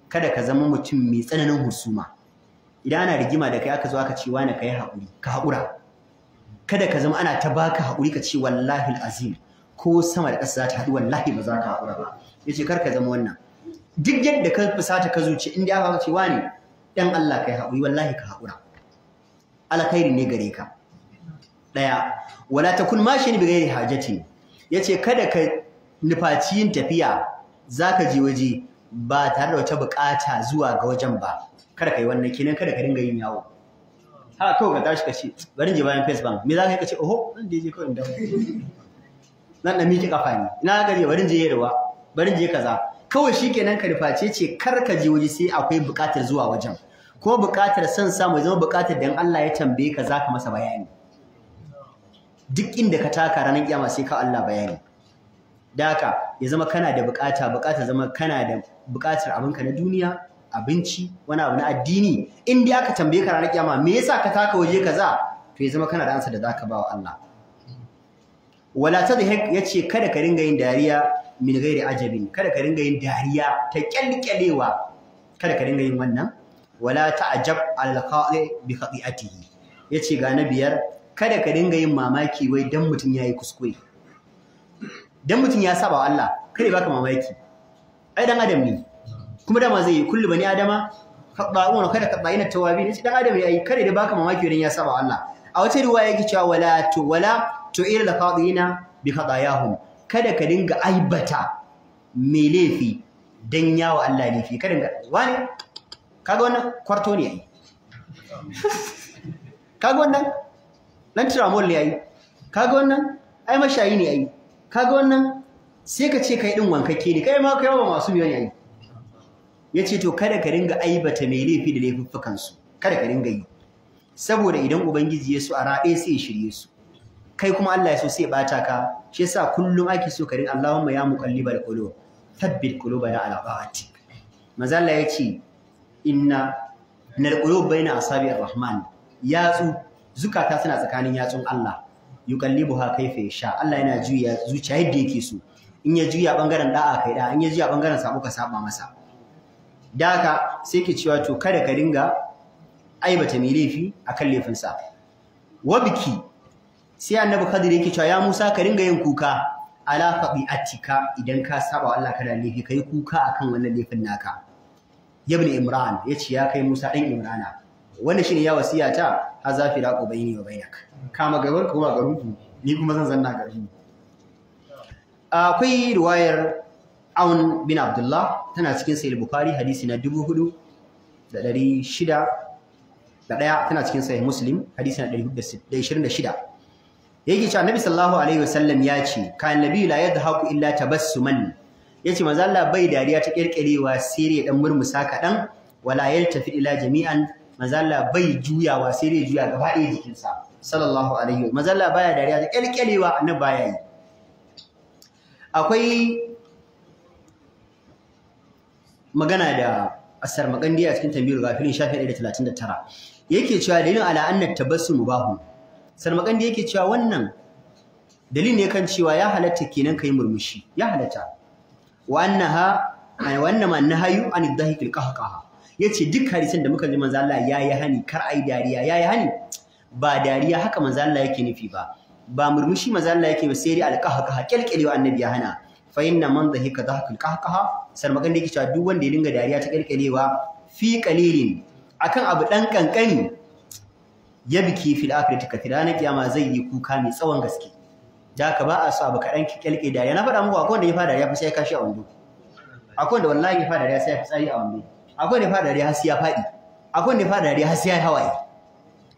kada ka zama mutum mai tsananin husuma. Idan ana rigima da kai aka zo aka ce wani ka yi haƙuri, ka haƙura. Kada ka zama ana ta baka haƙuri ka ce wallahi azim ko sama da ƙasa za ta haɗu wallahi ba za ka haƙura ba. Ya ce kar ka zama wannan. Duk yadda ka fusata ka zuci in dai aka ce wani dan Allah ka yi haƙuri wallahi ka haƙura. alkhairi ne gare ka daya wala takun mashin bi ghairi hajati yace kada ka nufaci yin tafiya zaka je waje ba tare da wata bukata zuwa ga wajen ba kada kai wannan kenan kada ka dinga yin yawo haka kawai ka tashi ka ce bari je bayan face bank me za ka yi ka ce oho zan je je kawai in nan zan miki kafa ne ina ka je bari je yarwa bari je kaza kawai shikenan ka nuface ce kar ka je waje sai akwai bukatar zuwa wajen ko buƙatar son sa mu zama buƙatar da Allah ya tambaye ka zaka masa bayani duk inda ka taka ranar kiyama sai ka Allah bayani daka ya zama kana da buƙata buƙata zama kana da buƙatar abinka na duniya abinci wani abu na addini in dai aka tambaye ka ranar kiyama me yasa ka taka waje kaza to ya zama kana da ansa da zaka ba wa Allah wala tadhik yace kada ka ringa yin dariya min gairi ajabin kada ka ringa yin dariya ta kyalkyalewa kada ka ringa yin wannan wala ta'jab al khati bi khati'atihi yace ga na biyar kada ka dinga yin mamaki wai dan mutum yayi kuskure dan mutum ya saba Allah kada baka mamaki ai dan adam ne kuma dama zai yi kullu bani adama khadda'un kada khadda'ina tawabin yace dan adam yayi kada da baka mamaki dan ya saba Allah a wata ruwa yake cewa wala tu wala tu'ir al khati'ina bi khadayahum kada ka dinga aibata mai laifi dan yawo Allah laifi kada wani kaga wannan kwarto ne yi kaga wannan nan tiramol ne yi kaga wannan ai mashayi ne yi kaga wannan sai ka ce kai din wankakke ne kai ma kai ba masu biyan Ya ce to kada ka ringa aibata mai laifi da laifuffukan su kada ka ringa yi saboda idan ubangiji ya so a raɗe sai ya shirye su kai kuma Allah ya so sai ya bata ka shi yasa kullum ake so ka ringa Allahumma ya muqallibal qulub thabbit qulubana ala ta'atik manzo Allah yace inna nal baina asabi arrahman rahman yatsu zukata suna tsakanin yatsun Allah yuqallibuha kayfa yasha Allah yana juya zuciya yadda yake so in ya juya bangaren da'a kai da in ya juya bangaren sabo ka saba masa da haka sai ki cewa to kada ka dinga aibata mai laifi akan laifinsa wa biki sai annabi kadir yake cewa ya Musa ka dinga yin kuka ala faɗi attika idan ka saba wa Allah kana laifi kai kuka akan wannan laifin naka yabni imran yace ya kai Musa dan Imrana wannan shine ya wasiyata haza firaqu baini wa bainak kama gaban kuma garinku ni kuma zan zanna garin akwai riwayar Aun bin Abdullah tana cikin Sahih Bukhari hadisi na 4600 da daya tana cikin Sahih Muslim hadisi na 426 yake cewa Annabi sallallahu alaihi wasallam ya ce kan nabi la yadhaku illa tabassuman Ya ce Allah bai dariya ta kirkirewa sai ya dan murmusa kaɗan wala tafi ila jami'an mazalla Allah bai juyawa sai ya juya gaba ɗaya jikinsa sallallahu alaihi wa manzo Allah baya dariya ta kirkirewa na baya yi akwai magana da asar makandi a cikin tambayar gafirin shafi 139 yake cewa dalilin ala annat tabassum bahu. sar makandi yake cewa wannan dalil ne kan cewa ya halatta kenan kai murmushi ya halatta Wannan ma na hayu an dhahikil Ya ce duk hadisin da muka ji manzo Allah yi hani kar a yi dariya ya yi hani ba dariya haka manzo Allah yake nufi ba ba murmushi manzo Allah yake ba sai dai alqahqaha annabi ya hana fa inna man dhahika dhahikil sar magan da yake cewa duk wanda ya dinga dariya ta kelkelewa fi qalilin akan abu dan kankani ya biki fil akhirati kathira na kiyama zai yi kuka mai tsawon gaske da ka ba a so abu kaɗan kyalke dariya na faɗa muku akwai wanda ya fada dariya fa sai ya kashi a wando akwai wanda wallahi ya fada dariya sai ya fi tsari a wando akwai wanda ya fada dariya har sai ya faɗi akwai wanda ya fada dariya har sai ya hawaye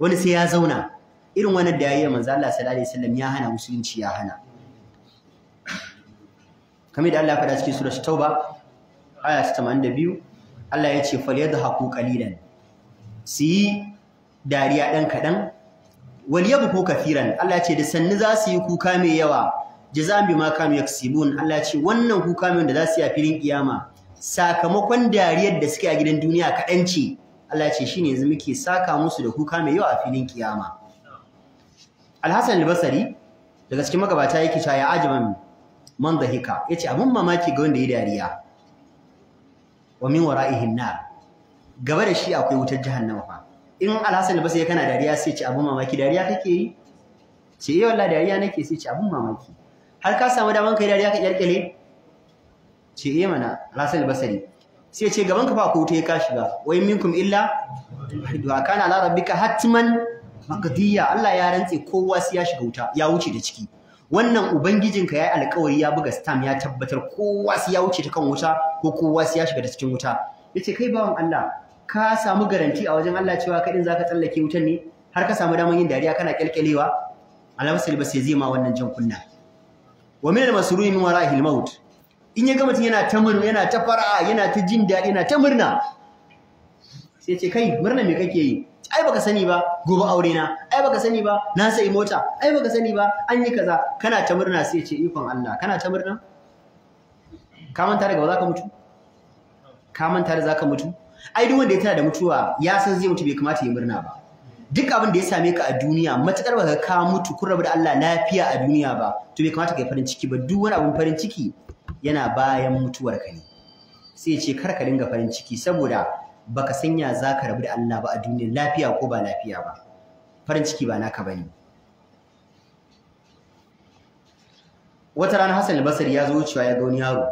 wani sai ya zauna irin wannan yi manzo Allah sallallahu alaihi wasallam ya hana musulunci ya hana kamar da Allah ya faɗa cikin surat tauba aya 82 Allah ya ce falyadhaku qalilan su yi dariya ɗan kaɗan wal ko kafiran Allah ya ce da sanni za su yi kuka mai yawa jaza'an bima kanu yaksibun Allah ce wannan kuka mai da za su yi a filin kiyama sakamakon dariyar da suke a gidan duniya kaɗan ce Allah ya ce shine yanzu muke saka musu da kuka mai yawa a filin kiyama Al-Hasan al-Basri daga cikin magabata yake cewa ya ajaban man dhahika yace abun mamaki ga wanda ya dariya wa min wara'ihin nar gaba da shi akwai wutar jahannama fa in alhassan ba sai kana dariya sai ci abun mamaki dariya kake yi ce yi eh, wallah dariya nake sai ci abun mamaki har ka samu daman kai dariya ka kyalkyale ce yi eh, mana alhassan basari sai ce gaban ka fa ko ta ka shiga wai minkum illa wa kana ala rabbika hatman maqdiya Allah ya rantse kowa sai ya shiga wuta ya wuce da ciki wannan ubangijinka yayi alƙawari ya buga stam ya tabbatar kowa sai ya wuce ta kan wuta ko kowa sai ya shiga da cikin wuta yace kai bawan Allah ka samu garanti a wajen Allah cewa kaɗin za zaka tsallake wutan ne har ka samu daman yin dariya kana Allah alhamdulillah ba sai zai ma wannan jan kunna wa min masruri min wara'i al-maut in ya ga mutum yana ta murna yana ta fara'a yana ta jin daɗi yana ta murna sai ce kai murna me kake yi ai baka sani ba gobe aure na ai baka sani ba na sai mota ai baka sani ba an yi kaza kana ta murna sai ce ikon Allah kana ta murna ka manta daga za ka mutu ka manta da za ka mutu ai duk wanda ya tana da mutuwa ya san zai mutu bai kamata ya murna ba duk abin da ya same ka a duniya matakar baka ka mutu kun rabu da Allah lafiya a duniya ba to bai kamata ka yi farin ciki ba duk wani abin farin ciki yana bayan mutuwar ka ne sai ce kar ka dinga farin ciki saboda baka sanya za ka rabu da Allah ba a duniya lafiya ko ba lafiya ba farin ciki ba naka bane wata rana Hassan al-Basri ya zo wucewa ya ga wani yaro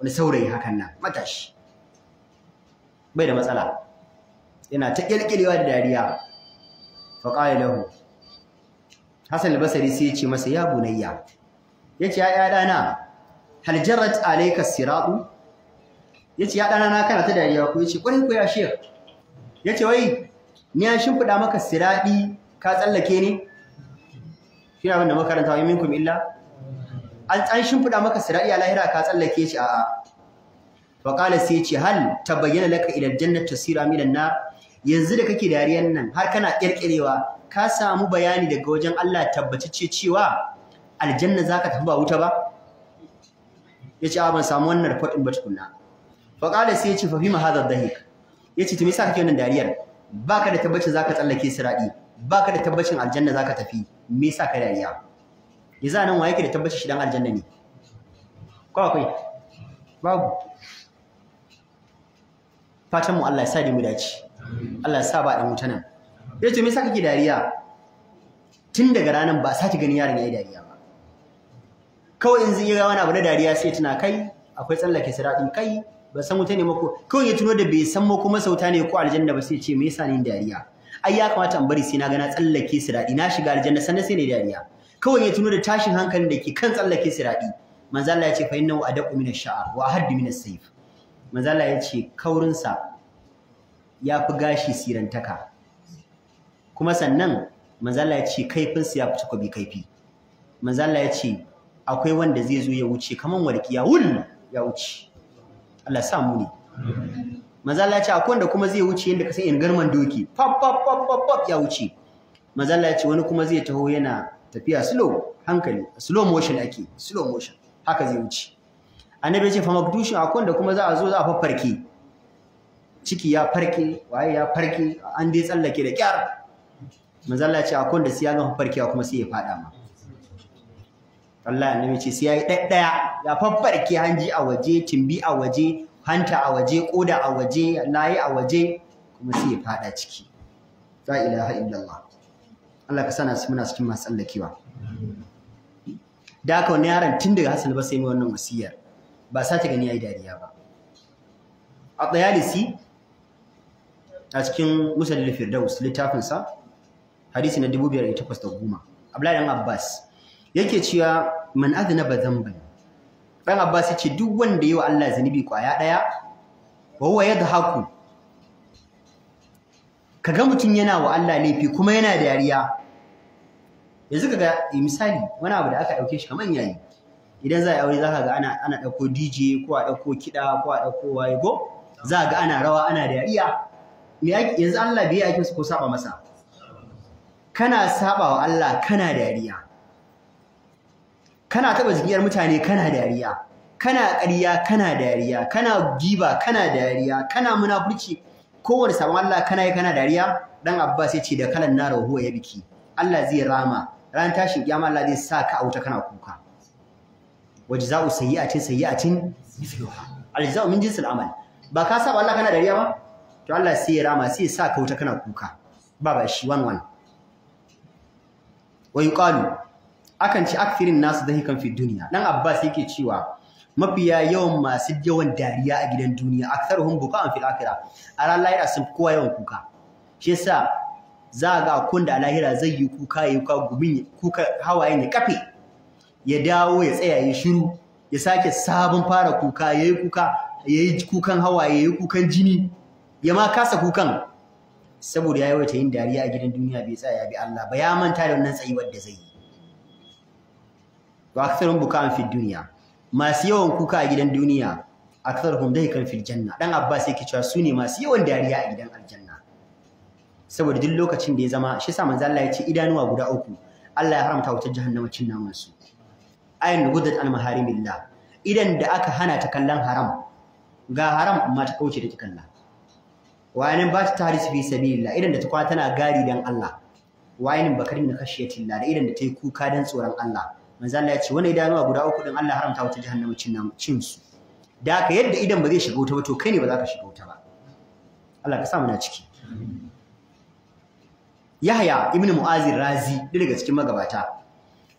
wani saurayi hakan nan matashi bai da matsala yana ta kirkirewa da dariya fa qala lahu Hassan al-Basri sai ya ce masa ya bunayya yace ya ya dana hal jarrat alayka siratu yace ya dana na kana ta dariya ko yace kwarin ko ya Ya yace wai ni ya shimfida maka siradi ka tsallake ne shi abin da makaranta wa minkum illa an an shimfida maka siradi a lahira ka tsallake shi a'a faƙala sai ce hal tabayyana laka ila janna tasira min nar yanzu da kake dariyan nan har kana kirkirewa ka samu bayani daga wajen Allah tabbatacce cewa aljanna zaka tafi ba wuta ba yace a ban samu wannan report din ba tukunna faƙala sai sai ce, fa fima hadha dhahik yace to me yasa kake wannan dariyar baka da tabbacin zaka tsallake siradi baka da tabbacin aljanna zaka tafi me yasa ka dariya yanzu nan waye ke da tabbacin shi dan aljanna ne kwa akwai babu Fatanmu Allah ya sa mu dace Allah ya sa ba dan wuta nan yace me yasa kake dariya tun daga ranar ba sake gani yaron yayi dariya ba kawai yanzu ya wani abu na dariya sai tuna kai akwai tsallake siratin kai ba san wuta ne mako kawai ya tuno da bai san mako masauta ne ko aljanna ba sai ce me yasa ni dariya ai ya kamata in bari sai na ga na tsallake siradi na shiga aljanna sannan sai ne dariya kawai ya tuno da tashin hankalin da ke kan tsallake siradi manzo Allah ya ce fa innahu adaqu minash sha'a wa ahaddu minas sayf manzala ya ce kaurinsa ya fi gashi sirantaka kuma sannan manzala ya ce kaifinsa ya fi takwabi kaifi manzala ya ce akwai wanda zai zo ya wuce kamar warki ya wul ya wuce Allah sa mu ne manzala ya ce akwai wanda kuma zai wuce yadda ka san in garman doki pop pop pop pop pop ya wuce manzala ya ce wani kuma zai taho yana tafiya slow hankali slow motion ake slow motion haka zai wuce annabi ya ce fa a akwai da kuma za a zo za a farfarki ciki ya farke waye ya farke an dai tsallake da kyar manzo ce a ce da sai ya gama farkewa kuma sai ya fada ma Allah annabi ce sai ya yi daddaya ya farfarki hanji a waje timbi a waje hanta a waje koda a waje layi a waje kuma sai ya fada ciki la ilaha illallah Allah ka sana su muna cikin masu tsallakewa da ka wani yaron tun daga Hassan ba sai mai wannan wasiyar ba sace gani yi dariya ba a tsayalisi a cikin musalil firdaus littafin sa hadisi na goma. abdullahi dan abbas yake cewa man bazan dhanban dan abbas ce duk wanda yi wa Allah zanubi kwaya daya wa huwa Ka ga mutum yana wa Allah laifi kuma yana dariya yanzu kaga misali wani abu da aka ɗauke shi kaman yayi idan za a yi aure za ka ga ana ana ɗauko DJ ko a ɗauko kiɗa ko a ɗauko waye go za ga ana rawa ana dariya me yanzu Allah bai yake su ko saba masa kana saba wa Allah kana dariya kana taɓa jigiyar mutane kana dariya kana ƙarya kana dariya kana giba kana dariya kana munafurci kowane sabon Allah kana yi kana dariya dan Abbas ya ce da kalan na rahuwa ya biki Allah zai rama ran tashin kiyama Allah zai sa ka a wuta kana kuka wajza'u sayyi'atin sayyi'atin mithluha aljza'u min jinsil amal ba ka saba Allah kana dariya ba to Allah sai ya rama sai ya sa ka wuta kana kuka ba ba shi wan wan wa yuqalu akan ci akfirin nasu dahikan fi duniya dan Abbas yake cewa mafiya yawan masu yawan dariya a gidan duniya aktharuhum buqa'an fil akhirah a ran lahira sun kowa yawan kuka shi yasa za ga kun da lahira zai yi kuka yi kuka gumin kuka hawayen ya kafe ya dawo ya tsaya ya shiru ya sake sabon fara kuka ya yi kuka ya yi kukan hawaye yi kukan jini ya ma kasa kukan saboda ya yawaita yin dariya a gidan duniya bai tsaya bi Allah ba ya manta da wannan tsayuwar da zai yi wa buka bukan fil duniya masu yawan kuka a gidan duniya aktharuhum kan fil janna dan Abbas yake cewa su ne masu yawan dariya a gidan aljanna saboda duk lokacin da ya zama shi sa manzo Allah ya ce idanuwa guda uku Allah ya haramta wutar jahannama cin naman ayin gudat al maharimillah idan da aka hana ta kallon haram ga haram amma ta kauce da ta kalla wayanin ba ta taris fi sabilillah idan da ta kwana tana gari dan Allah wayanin bakar min khashiyatillah da idan da ta yi kuka dan tsoron Allah manzo Allah ya ce wani idanuwa guda uku din Allah haramta wata jahannama cin cin su da ka yadda idan ba zai shiga wuta ba to kai ne ba za ka shiga wuta ba Allah ka sa mu na ciki Yahya ibn Mu'azir Razi daga cikin magabata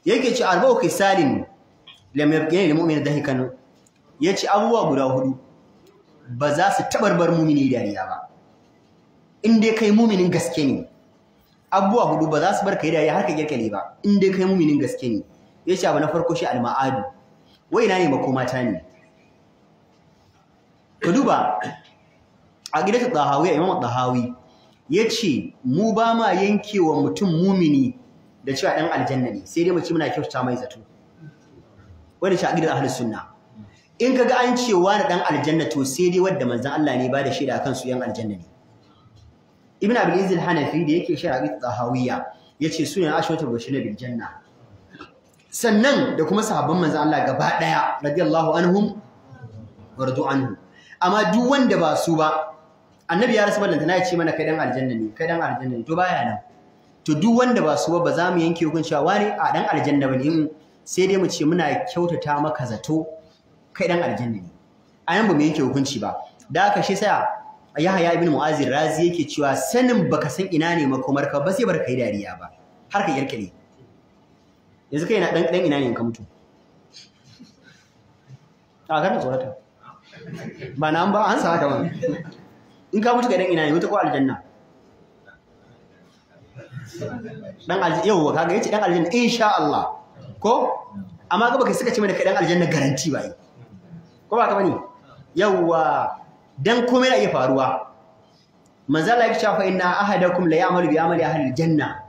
yake ce arba'u khisalin lam yabqi lil mu'min dahikan yace abubuwa guda hudu ba za su tabarbar mumini dariya ba in dai kai muminin gaske ne abubuwa hudu ba za su bar kai dariya har ka girka ne ba in dai kai muminin gaske ne yace abu na farko shi alma'adu wai ina ne makoma ta ne ka duba a gidan Tahawi Imam Ya yace mu ba ma yankewa mutum mumini da cewa dan aljanna ne sai dai mu ci muna kyautata mai zato wani gidan ahlus sunna in kaga an cewa wani dan aljanna to sai dai wanda manzon Allah ne ba da shaida akan su yan aljanna ne ibn abul izil hanafi da yake shari'a tahawiyya yace sunan ashwata bashina bil janna sannan da kuma sahabban manzon Allah gaba daya radiyallahu anhum wardu anhu amma duk wanda ba su ba annabi ya rasu ballanta na ya ce mana kai dan aljanna ne kai dan aljanna ne to baya nan to duk wanda ba su ba za mu yanke hukunci cewa wani a dan aljanna bane sai dai mu ce muna kyautata maka zato kai dan aljanna ne a yan ba mu yanke hukunci ba da haka shi ya Yahaya ibn Mu'azi Razi yake cewa sanin baka san ina ne makomarka ka ba sai bar kai dariya ba har ka yarkale yanzu kai na dan dan ina ne ka mutu a kana tsorata ba nan an ba an sa haka wani in ka mutu ga dan ina ne mutu ko aljanna dan aljanna yau kaga yace dan aljanna insha Allah ko amma ga baka suka ce mana kai dan aljanna garanti ba ko ba ka bani? yawa dan komai na iya faruwa manzo Allah yake cewa fa inna ahadakum la ya'malu bi amali ahli aljanna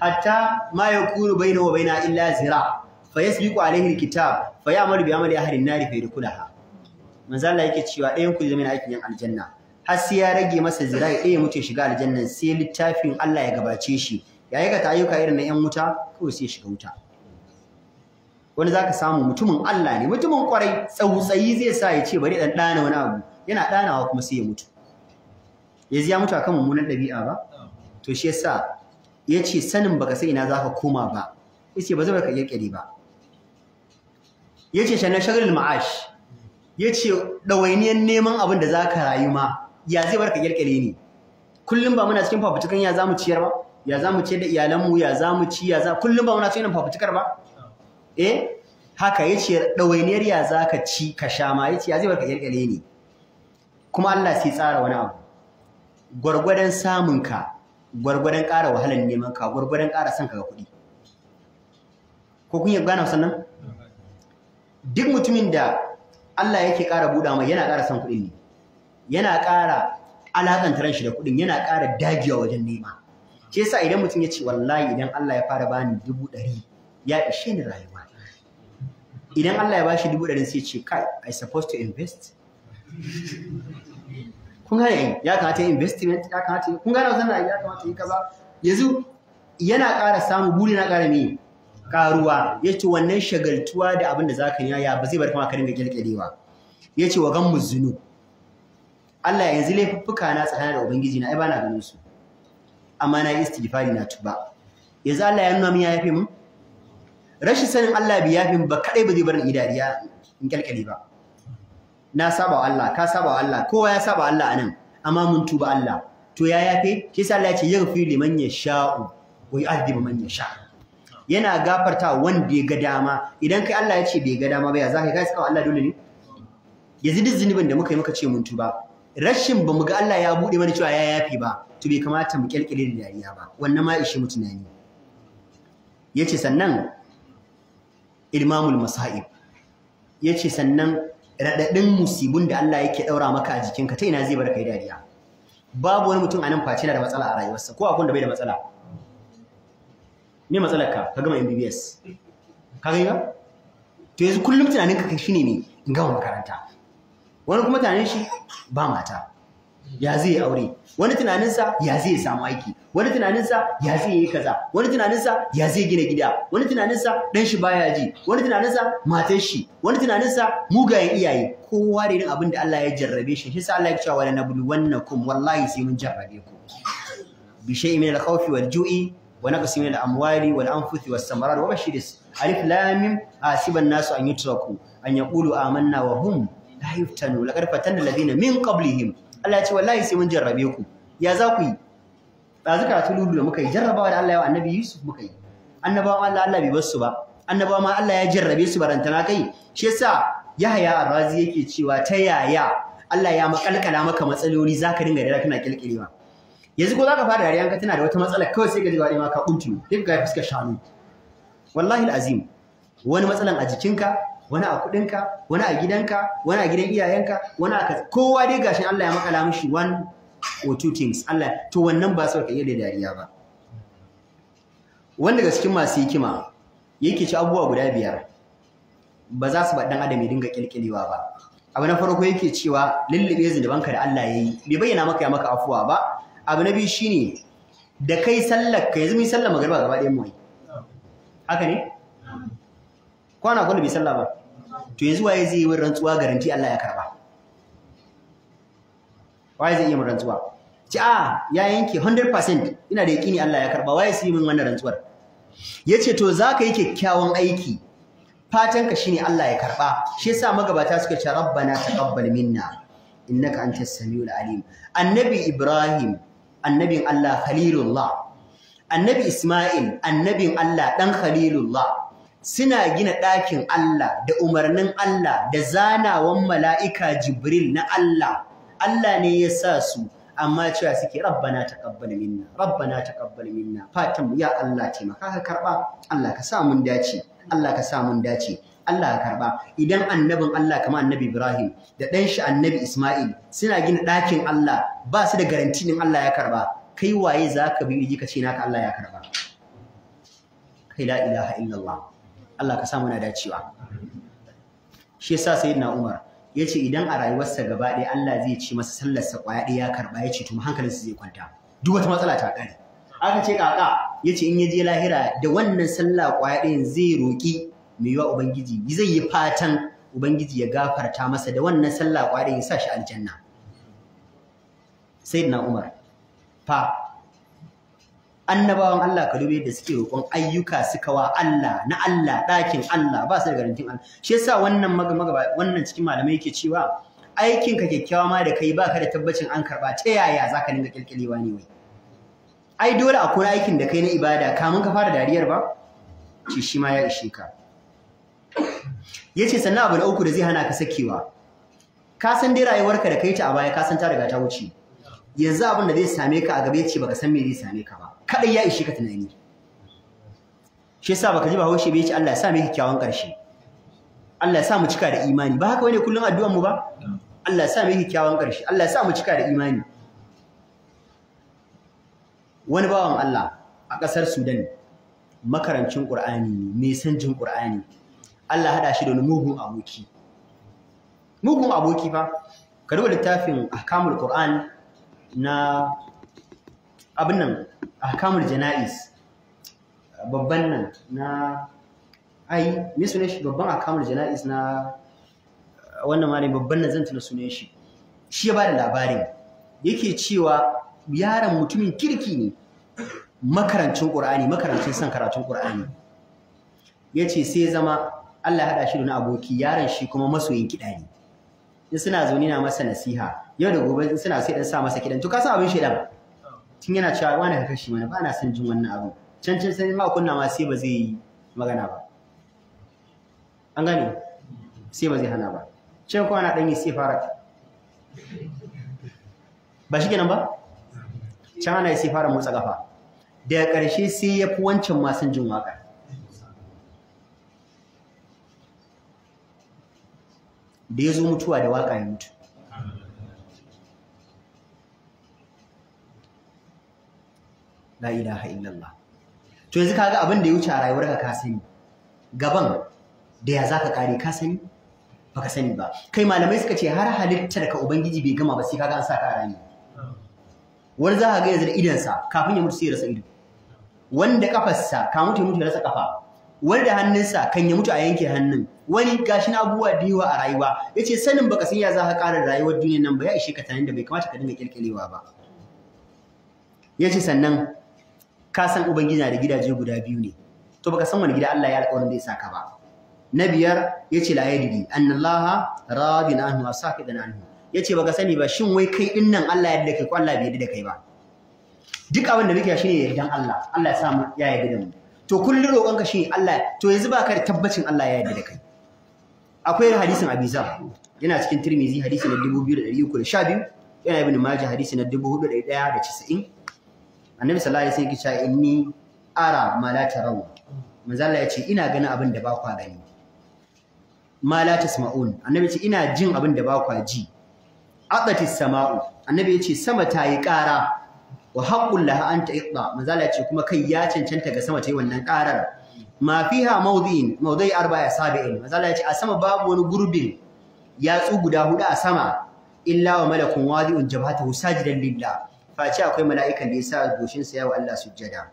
hatta ma yakunu bainahu wa baina illa zira fa yasbiqu alayhi alkitab fa ya'malu bi amali ahli an-nar fa yadkhulaha manzo Allah yake cewa ɗayan ku zama aikin yan aljanna har sai ya rage masa zira'i ɗaya mutu ya shiga aljanna sai littafin Allah ya gabace shi ya aikata ayyuka irin na 'yan wuta kawai sai ya shiga wuta wani zaka samu mutumin Allah ne mutumin kwarai tsautsayi zai sa ya ce bari dan dana wani abu yana danawa kuma sai ya mutu Ya ziya mutu akan mummunan ɗabi'a ba to shi yasa ce sanin baka sai ina zaka koma ba Ya ce ba zai ka kirkire ba Ya yace shanan shagalin ma'ash ce dawainiyan neman abin da zaka rayu ma ya zai barka kyalkyale ne kullum ba muna cikin fafutukan ya zamu ciyar ba ya zamu ciyar da iyalanmu ya zamu ci ya za kullum ba muna cikin fafutukar ba eh haka ya ce dawainiyar ya zaka ci ka sha ma ya ce ya zai barka kyalkyale ne kuma Allah sai tsara wani abu gwargwadon samun ka gwargwadon ƙara wahalar neman ka gwargwadon ƙara son ka ga kuɗi ko kun yi gane sannan duk mutumin da Allah yake ƙara buɗa mai yana ƙara son kuɗi ne yana ƙara alaƙantar shi da kuɗin yana ƙara dajiya wajen nema shi yasa idan mutum ya ce wallahi idan Allah ya fara bani dubu ɗari ya ishe ni rayuwa idan Allah ya bashi dubu ɗari sai ce kai I supposed to invest kun gane ya kamata investment ya kamata kun gane wannan ya kamata yi kaza yanzu yana ƙara samu buri na ƙara ne ƙaruwa ce wannan shagaltuwa da abin da ka yi ya ba zai bar kama ka dinga kyalkyalewa ce, wa gan muzunu Allah yanzu laifuffuka na tsakana da ubangiji na ai ba na ganin su amma na yi istighfari na tuba yanzu Allah ya nuna min ya yafe mu rashin sanin Allah bi yafe ba kadai ba zai bar ni dariya in kalkale ba na saba wa Allah ka saba wa Allah kowa ya saba Allah anan amma mun tuba Allah to ya yafe shi yasa Allah ya ce yaghfir liman yasha'u wa yu'adhibu man sha. yana gafarta wanda ya ga dama idan kai Allah ya ce bai ga dama ba ya zaka kai saka Allah dole ne yanzu duk zunubin da muka yi muka ce mun tuba rashin ba mu ga Allah ya buɗe mana cewa ya yafi ba to bai kamata mu kyalkyale da dariya ba wannan ma ishi mu tunani yace sannan ilmamul masa'ib yace sannan radadin musibun da Allah yake daura maka a jikinka ta ina zai bar kai dariya babu wani mutum a nan face yana da matsala a rayuwarsa ko akwai da bai da matsala me matsalar ka ka gama MBBS ka ga to yanzu kullum tunanin ka shine ne in gama makaranta wani kuma tunanin shi ba mata ya zai aure wani tunaninsa ya zai samu aiki wani tunaninsa ya zai yi kaza wani tunaninsa ya zai gina gida wani tunaninsa dan shi baya ji wani tunaninsa matar shi wani tunanin sa mugayen iyaye kowa da irin abin da Allah ya jarrabe shi shi sa Allah ya cewa wala wannan wannakum wallahi sai mun jarrabe ku bi shay'in min al-khawfi wal-ju'i wa naqsi min al-amwali wal-anfusi was samarat wa bashiris alif lam mim asiban nasu an yutraku an yaqulu amanna wa hum la yuftanu laqad fatanna alladhina min qablihim Allah ya ce wallahi sai mun jarrabe ku ya za ku yi ba zaka tululu da muka yi jarrabawa da Allah ya annabi Yusuf muka yi annabawa Allah Allah bai bar su ba annabawa ma Allah ya jarrabe su barantana kai shi yasa Yahaya Arrazi yake cewa ta yaya Allah ya makalkala maka matsaloli zaka dinga dariya kana kilkilewa yanzu ko zaka fara dariya ka tana da wata matsala kawai sai ka ji gaba ma ka kuntu duk ga fuskar shanu wallahi alazim wani matsalan a jikinka wani a kuɗinka wani a gidanka wani a gidan iyayenka wani a kowa dai gashin Allah ya makala mushi one or two things Allah to wannan ba ka iya da dariya ba wanda ga cikin masu hikima yake ci abubuwa guda biyar ba za su ba dan adam ya dinga kilkilewa ba abu na farko yake cewa lullube zunubanka da Allah ya yi bai bayyana maka ya maka afuwa ba abu na biyu shine da kai sallar ka yanzu mun sallar magariba gaba ɗayan mu haka ne kwana kwana bai sallah ba to yanzu waye zai yi min rantsuwa garanti Allah ya karba waye zai yi min rantsuwa ci a ah, ya yanke 100% ina da yakini Allah ya karba waye zai yi min wannan rantsuwar yace to zaka yi kyakkyawan aiki Fatan ka shine Allah ya karba shi yasa magabata suka ce rabbana taqabbal minna innaka antas samiul alim annabi ibrahim annabin Allah khalilullah annabi isma'il annabin Allah dan khalilullah suna gina ɗakin Allah da umarnin Allah da zanawan mala'ika Jibril na Allah Allah ne ya sa su amma cewa suke rabbana taqabbal minna rabbana taqabbal minna fatan ya Allah taimaka ka karɓa, Allah ka sa mun dace Allah ka sa mun dace Allah ka karɓa. idan annabin Allah kama annabi Ibrahim da ɗan shi annabi Ismail suna gina ɗakin Allah ba su da garanti Allah ya karɓa. kai waye zaka bi ka ce naka Allah ya karɓa. kai la ilaha illallah Allah ka sa mana dacewa shi yasa sayyidina Umar yace idan a rayuwarsa gaba ɗaya Allah zai ci masa sallar sa kwaya ɗaya ya karba yace to su zai kwanta duk wata matsala ta kare aka ce kaka yace in ya je lahira da wannan sallar kwaya ɗayan zai roki mai yiwa ubangiji zai yi fatan ubangiji ya gafarta masa da wannan sallar kwaya ɗaya ya sa shi aljanna sayyidina Umar fa annabawan Allah ka dube da suke roƙon ayyuka suka wa Allah na Allah ɗakin Allah ba su da garantin Allah shi yasa wannan wannan cikin malamai yake cewa aikin ka kyakkyawa ma da kai baka da tabbacin an karba ta yaya zaka dinga kilkilewa ne wai ai dole akwai aikin da kai na ibada kamun ka fara dariyar ba ce shi ma ya ishe ka yace sannan abu da uku da zai hana ka sakewa ka san dai rayuwarka da kai ta a baya ka san ta riga ta wuce yanzu abin da zai same ka a gaba yace baka san me zai same ka ba kadai ya ishe ka tunani shi yasa baka ji ba haushe bai ce Allah ya sa mai kyakkyawan karshe Allah ya sa mu cika da imani ba haka bane kullun addu'ar mu ba Allah ya sa mai kyakkyawan karshe Allah ya sa mu cika da imani wani bawan Allah a ƙasar Sudan makarancin Qur'ani ne mai san jin Qur'ani Allah hada shi da wani mugun aboki mugun aboki fa ka duba littafin ahkamul Qur'an na abin nan ahkamul jana'iz babban nan na ai me sune shi babban ahkamul jana'is na wannan ne babban nan zan tuna sune shi shi ya bada labarin yake cewa yaron mutumin kirki ne makarancin Qur'ani makarancin san karatun Qur'ani yace sai zama Allah hada shi da wani aboki yaron shi kuma masoyin kiɗa ne in suna zaune na masa nasiha yau da gobe suna sai dan sa masa kiɗan to ka san abin shedan tun yana cewa wani ka kashe mana ba na son jin wannan abin can can sai ma kunna ma sai ba zai yi magana ba an gane sai ba zai hana ba can kuma na danyi sai fara ba shi kenan ba can ana sai fara motsa Da daga ƙarshe sai ya fi wancan ma san jin waka da ya zo mutuwa da waka ya mutu la ilaha illallah to yanzu kaga abin da ya wuce a rayuwar ka sani gaban da ya zaka kare ka sani baka sani ba kai malamai suka ce har halittar ka ubangiji bai gama ba sai kaga an saka a rami wani za ka ga yanzu da idansa kafin ya mutu sai ya rasa ido wanda kafarsa ka mutu ya mutu ya rasa kafa wani da sa kan ya mutu a yanke hannun wani gashin abubuwa da yawa a rayuwa ya ce sanin baka san ya za ka ƙara rayuwar duniyar nan ba ya ishe ka tunanin da bai kamata ka dinga kirkirewa ba ya ce sannan ka san ubangiji na da gidaje guda biyu ne to baka san wani gida Allah ya alƙawarin zai saka ba na biyar yace la yadri annallaha na anhu asaqidan anhu yace baka sani ba shin wai kai din nan Allah ya yarda kai ko Allah bai yarda da kai ba duk abin da muke shine yardan Allah Allah ya sa mu ya yarda da mu to kullun roƙonka shine Allah to yanzu ba ka da tabbacin Allah ya yarda da kai akwai hadisin Abizar yana cikin Tirmizi hadisi na biyu. yana Ibn Majah hadisi na casa'in. annabi sallallahu alaihi wasallam yake cewa inni ara ma la tarawun manzo Allah ya ce ina ganin abin da ba kwa gani ma la tasma'un annabi ya ce ina jin abin da ba kwa ji aqati sama'u annabi ya ce sama ta yi ƙara wa haqqul laha an ta'idda manzo Allah ya ce kuma kai ya cancanta ga sama ta yi wannan ƙarar ma fiha mawdhi'in mawdhi'i arba'a sabi'in manzo Allah ya ce a sama babu wani gurbin yatsu guda hudu a sama illa wa malakun wadi'un jabhatahu sajidan lillah face akwai mala'ikan da ya sa goshin sa yawa Allah sujjada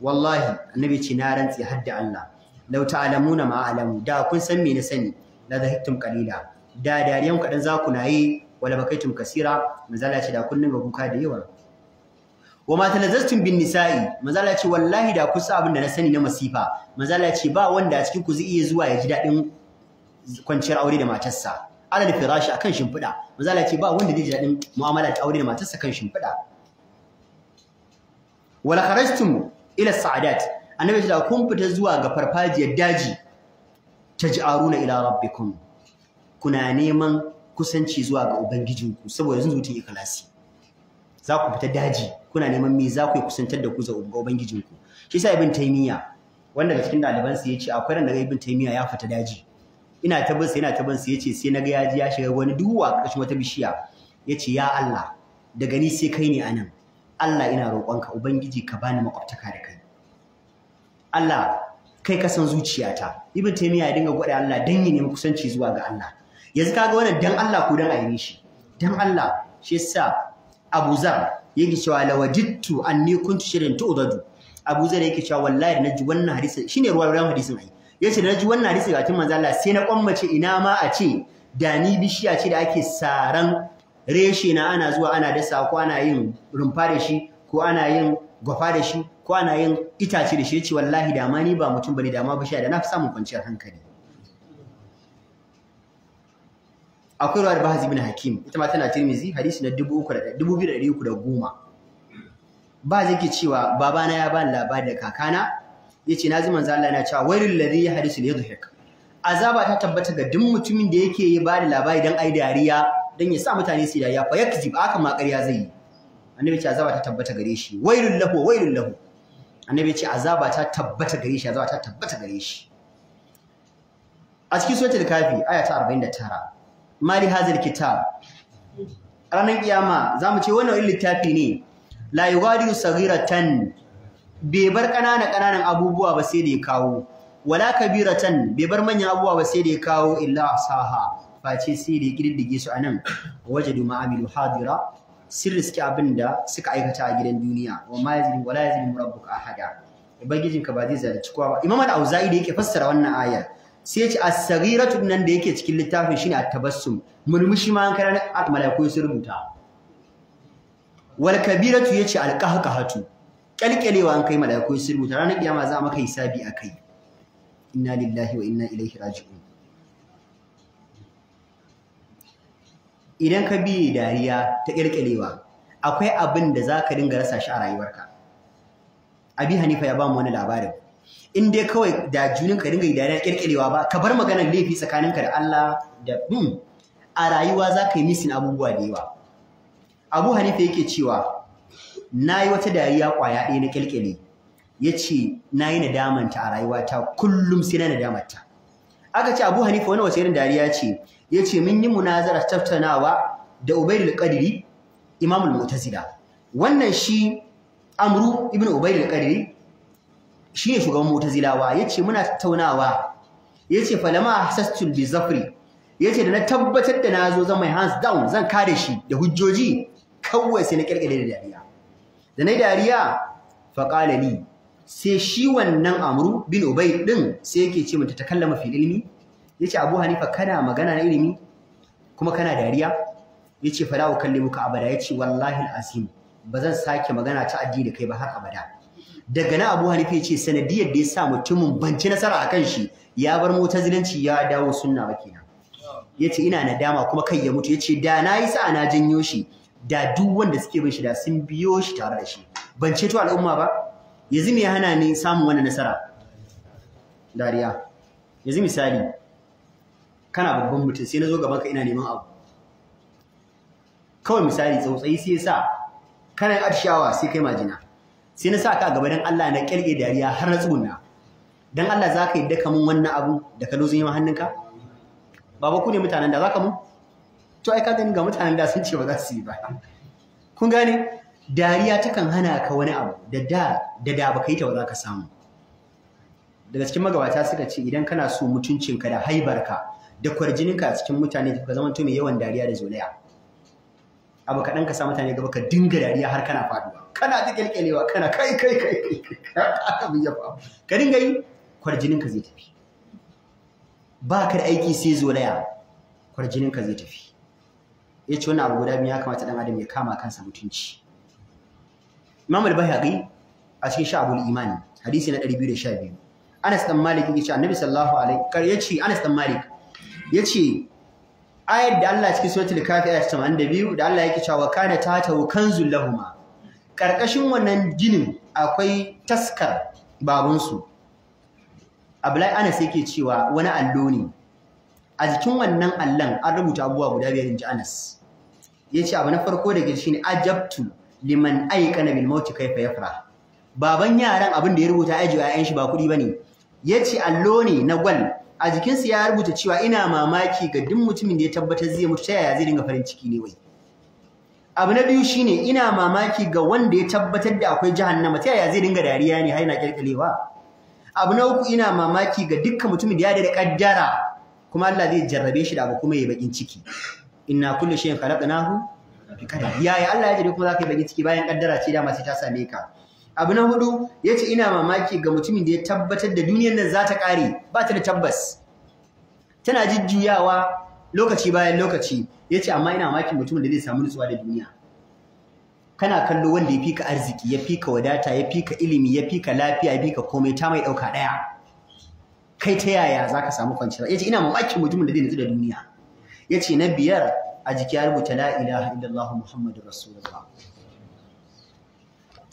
wallahi annabi ce na rantsi har da Allah law ta'lamuna ma a'lamu da kun san me na sani la zahittum qalila da dariyan kadan za ku nayi wala bakaitum kasira manzala ce da kun dinga kuka da yawa wa ma talazzastum bin nisa'i manzala ce wallahi da ku sa abin da na sani na masifa manzala ce ba wanda a cikin ku zai iya zuwa ya ji daɗin kwanciyar aure da matarsa alal firashi akan shimfiɗa maza la ce ba wanda zai ji daɗin mu'amala da aure da matarsa kan shimfiɗa wala kharajtum ila sa'adat annabi ya ce kun fita zuwa ga farfajiyar daji taj'aruna ila rabbikum kuna neman kusanci zuwa ga ubangijinku saboda yanzu zuci ikhlasi za ku fita daji kuna neman me za ku kusantar da ku ga ubangijinku shi yasa ibn taymiya wanda cikin ɗalibansa ya ce akwai ran daga ibn taymiya ya fita daji ina ta bin sa yana ta bin sa yace sai naga ya ji ya shiga wani duwa ƙarshen wata bishiya Ya ce, ya Allah daga ni sai kai ne anan Allah ina roƙonka ubangiji ka bani makwabtaka da kai Allah kai ka san zuciyata ibn taymiya ya dinga gwada Allah dan ya nemi kusanci zuwa ga Allah yanzu kaga wannan dan Allah ko dan ayi shi dan Allah shi yasa Abu Zar yake cewa lawajittu anni kuntu shirin tu'dadu Abu Zar yake cewa wallahi naji wannan hadisi shine ruwan hadisin ai Ya ce da ji wannan hadisi ga manzo Manzala sai na kwammace ina ma a ce da ni bishiya ce da ake saran reshe na ana zuwa ana dasa ko ana yin rumfa da shi ko ana yin gwafa da shi ko ana yin itace da shi ce wallahi da ma ni ba mutum bane da ma bishiya da na fi samun kwanciyar hankali akwai ba hazi bin Hakim ita ma tana Tirmizi hadisi na 2310 zai ke cewa babana ya bani labari da kakana yace nazi manzo Allah yana cewa wailul ladhi yahdisu yadhhak azaba ta tabbata ga duk mutumin da yake yi bada labari dan ai dariya dan ya sa mutane su dariya fa yakzib aka ma ƙarya zai yi annabi ce azaba ta tabbata gare shi wailul lahu wailul lahu annabi ce azaba ta tabbata gare shi azaba ta tabbata gare shi a cikin suratul kafi aya ta 49 mali hazil kitab ranar kiyama zamu ce wannan littafi ne la yughadiru saghiratan bai bar ƙananan ƙananan abubuwa ba sai da ya kawo wala kabiratan bai bar manyan abubuwa ba sai da ya kawo illa saha face sai da ya kididdige su anan wajadu ma'amilu hadira sun suke abin da suka aikata a gidan duniya wa ma yazlim wala hada. Da ahada ka ba zai zalunci kowa ba imam al-auza'i da yake fassara wannan ayar sai ya ce as nan da yake cikin littafin shine at-tabassum murmushi ma an karanta mala'iku sun rubuta wal kabiratu yace al-qahqahatu kyalkyalewa an kai mala'iku sun rubuta ranar kiyama za a maka hisabi a kai inna lillahi wa inna ilaihi raji'un idan ka biye dariya ta kyalkyalewa akwai abin da za ka dinga rasa shi a rayuwarka abi hanifa ya ba mu wani labarin in dai kawai da junin ka dinga dariya kyalkyalewa ba ka bar maganar laifi tsakaninka da Allah da hmm, a rayuwa za ka yi misin abubuwa da yawa abu hanifa yake cewa na yi wata dariya kwaya ɗaya na kyalkyale ya ce na yi nadamanta a rayuwata kullum sai na nadamanta aka ce abu hanifa wani wace irin dariya ce ya ce mun yi munazara tattaunawa da ubaidul kadiri imamul mu'tazila wannan shi amru ibn ubaidul kadiri shi ne shugaban mu'tazilawa ya ce muna tattaunawa ya ce falama hasastul bi zafri ya ce da na tabbatar da na zo zan mai hands down zan kare shi da hujjoji kawai sai na kirkire da dariya da yi dariya faƙala sai shi wannan amru bin obai ɗin sai yake ce mata ta kallama fi Ya ce abu hanifa kana magana na ilimi kuma kana dariya Ya ce fa kalli muka abada ya ce wallahi ba zan sake magana ta addini da kai ba har abada daga na abu hanifa ce sanadiyar da ya sa mutumin banci nasara akan shi ya bar zinanci ya dawo sunna ba kenan ce ina nadama kuma kai ya mutu yace da yi sa na janyo shi da duk wanda suke bin shi da sun biyo shi tare da shi ban ceto al'umma ba yanzu me ya hana ni samun wannan nasara dariya yanzu misali kana babban mutum sai na zo gaban ka ina neman abu kawai misali tsautsayi sai sa kana arshawa sai kai majina sai na sa ka gaba dan Allah na kirge dariya har na tsuguna dan Allah za ka yi daka mun wannan abu da ka lozin yi hannunka baba ku ne mutanen da ka mun to ai ka gani ga mutanen da sun ce ba za su yi ba kun gane dariya takan hana ka wani abu da da da da baka yi ta ba za ka samu daga cikin magabata suka ce idan kana so mutuncinka da haibarka da kwarjininka a cikin mutane ka zama mai yawan dariya da zolaya abu kaɗan ka sa mutane gaba ka dinga dariya har kana faduwa kana ta kyalkyalewa kana kai kai kai kai abin ya faru ka dinga yi kwarjininka zai tafi ba ka da aiki sai zolaya kwarjininka zai tafi ya ce wani abu guda biyu ya kamata ɗan adam ya kama kansa mutunci imam al-bahaqi a cikin sha'abul imani hadisi na 212 anas dan malik ya ce annabi sallallahu alaihi kar ya ce anas dan malik ya ce ayar da Allah cikin suratul kafi ayat 82 da Allah yake cewa kana tatahu kanzul lahuma karkashin wannan ginin akwai taskar babansu Abdullahi Anas yake cewa wani allo ne a jikin wannan allon an rubuta abubuwa guda biyar inji Anas ya ce abu na farko da girshi ne ajabtu liman aika na bil mauti kai fayafra baban yaran abin da ya rubuta aji yan shi ba kuɗi bane ya ce allo ne na gwal a jikinsu ya rubuta cewa ina mamaki ga duk mutumin da ya tabbatar zai mutu ta yaya zai dinga farin ciki ne wai abu na biyu shine ina mamaki ga wanda ya tabbatar da akwai jahannama ta yaya zai dinga dariya ne har yana kirkirewa abu na uku ina mamaki ga dukkan mutumin da ya da kaddara kuma Allah zai jarrabe shi da abu kuma ya bakin ciki inna kulli shay'in khalaqnahu bi qadar ya Allah ya jarrabe kuma zaka yi bakin ciki bayan kaddara ce da sai ta same ka abu na hudu yace ina mamaki ga mutumin da ya tabbatar da duniyar nan za ta kare ba ta da tabbas tana jijjuyawa lokaci bayan lokaci yace amma ina mamakin mutumin da zai samu nutsuwa da duniya kana kallo wanda ya fika arziki ya fika wadata ya fika ilimi ya fika lafiya ya fika komai ta mai dauka daya kai ta yaya za ka samu kwanciyar ya ce ina mamakin mutumin da zai nutsu da duniya ya ce na biyar a jiki ya rubuta la ilaha illallah muhammadu rasulullah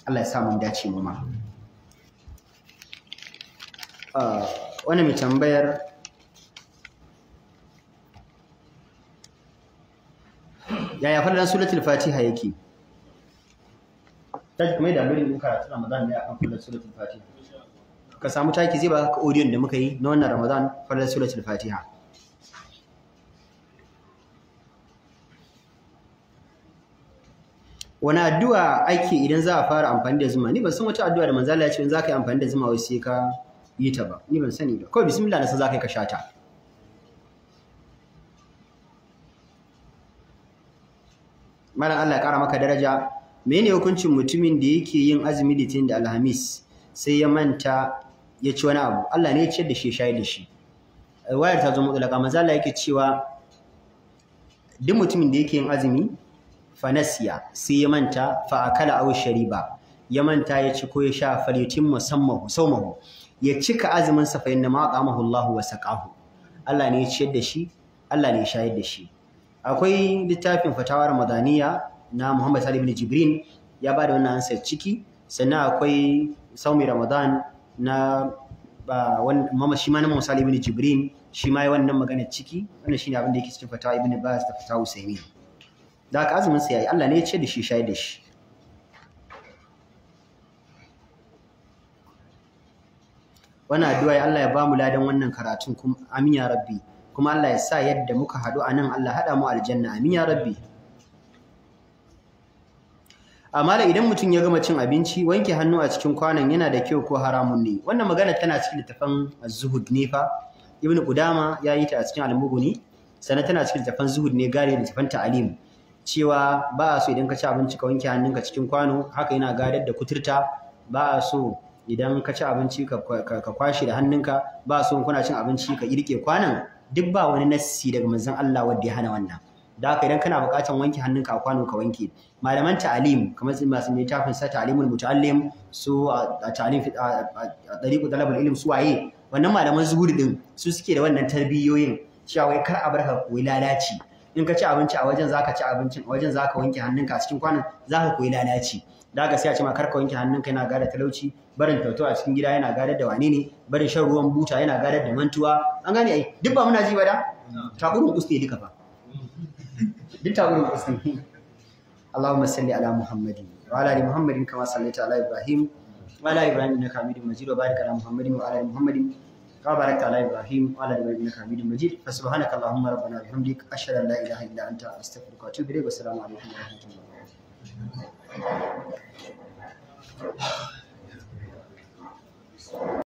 Allah ya sa mun dace mu ma ah, wani mai tambayar yaya fadalan suratul fatiha yake ta kuma yi da lulin karatu Ramadan ne akan fadalan suratul fatiha ka samu taki zai baka odiyon da muka yi na wannan Ramadan farar suratul Fatiha wani addu'a ake idan za a fara amfani da zuma ni ban san wata addu'a da manzala ya ce in za ka yi amfani da zuma wai sai ka yi ta ba ni ban sani ba kawai bismillah na san za ka yi ka sha ta malam Allah ya kara maka daraja menene hukuncin mutumin da yake yin azumi litinin da alhamis sai ya manta ya ci wani abu Allah ne ya ciyar da shi ya shayar da shi eh, wayar ta zo mutlaka manzo Allah yake cewa duk mutumin da yake yin azumi fanasiya sai ya manta fa akala aw shariba ya manta ya ci ko ya sha falitin musammahu saumahu ya cika azumin sa fa inna ma qamahu Allah wa saqahu Allah ne ya ciyar da shi Allah ne ya shayar da shi akwai littafin fatawa ramadaniya na Muhammad Salim ibn Jibrin ya ba da wannan ansa ciki sannan akwai saumi Ramadan na wannan shi ma na Musa ibn Jibrin shi ma wannan magana ciki wannan shine abin da yake cikin fatawa ibn Baz da fatawa Usaymin da ka azumin sa yayi Allah ne ya ce da shi shayi da shi wannan addu'a ya Allah ya ba mu ladan wannan karatun kuma amin ya rabbi kuma Allah ya sa yadda muka haɗu a nan Allah haɗa mu aljanna amin ya rabbi amma da idan mutum ya gama cin abinci wanke hannu a cikin kwanon yana da kyau ko haramun ne wannan magana tana cikin littafin zuhud ne fa ibn qudama ya yi ta a cikin al muguni sannan tana cikin littafin zuhud ne gare da littafin ta'alim cewa ba a so idan ka ci abinci ka wanke hannun ka cikin kwano haka yana gadar da kuturta ba a so idan ka ci abinci ka kwashe da hannunka ba a so kuna cin abinci ka irke kwanan duk ba wani nassi daga manzon Allah wanda ya hana wannan da haka idan kana buƙatar wanke hannunka a kwano ka wanke malaman ta'alim kamar su masu tafin sa ta'alimul muta'allim su a ta'alim a dariku dalabul ilim su waye wannan malaman zuhuri din su suke da wannan tarbiyoyin cewa wai kar a bar ka koyi lalaci in ka ci abinci a wajen zaka ci abincin a wajen zaka wanke hannunka a cikin kwanon zaka koyi lalaci da haka sai a ce ma kar ka wanke hannunka yana gada talauci barin tautau a cikin gida yana gadar da wane ne barin shan ruwan buta yana gadar da mantuwa an gane ai duk ba muna ji ba da takurin kuske duka fa duk tagurin kusan Allahumma salli ala Muhammadin wa ala ali Muhammadin kama sallaita ala Ibrahim wa ala Ibrahim innaka Hamidum Majid wa barik ala Muhammadin wa ala ali Muhammadin kama barakta ala Ibrahim wa ala Ibrahim innaka Hamidum Majid fa subhanaka Allahumma rabbana ashhadu an la ilaha illa anta astaghfiruka wa atubu ilayk wa assalamu wa rahmatullahi wa barakatuh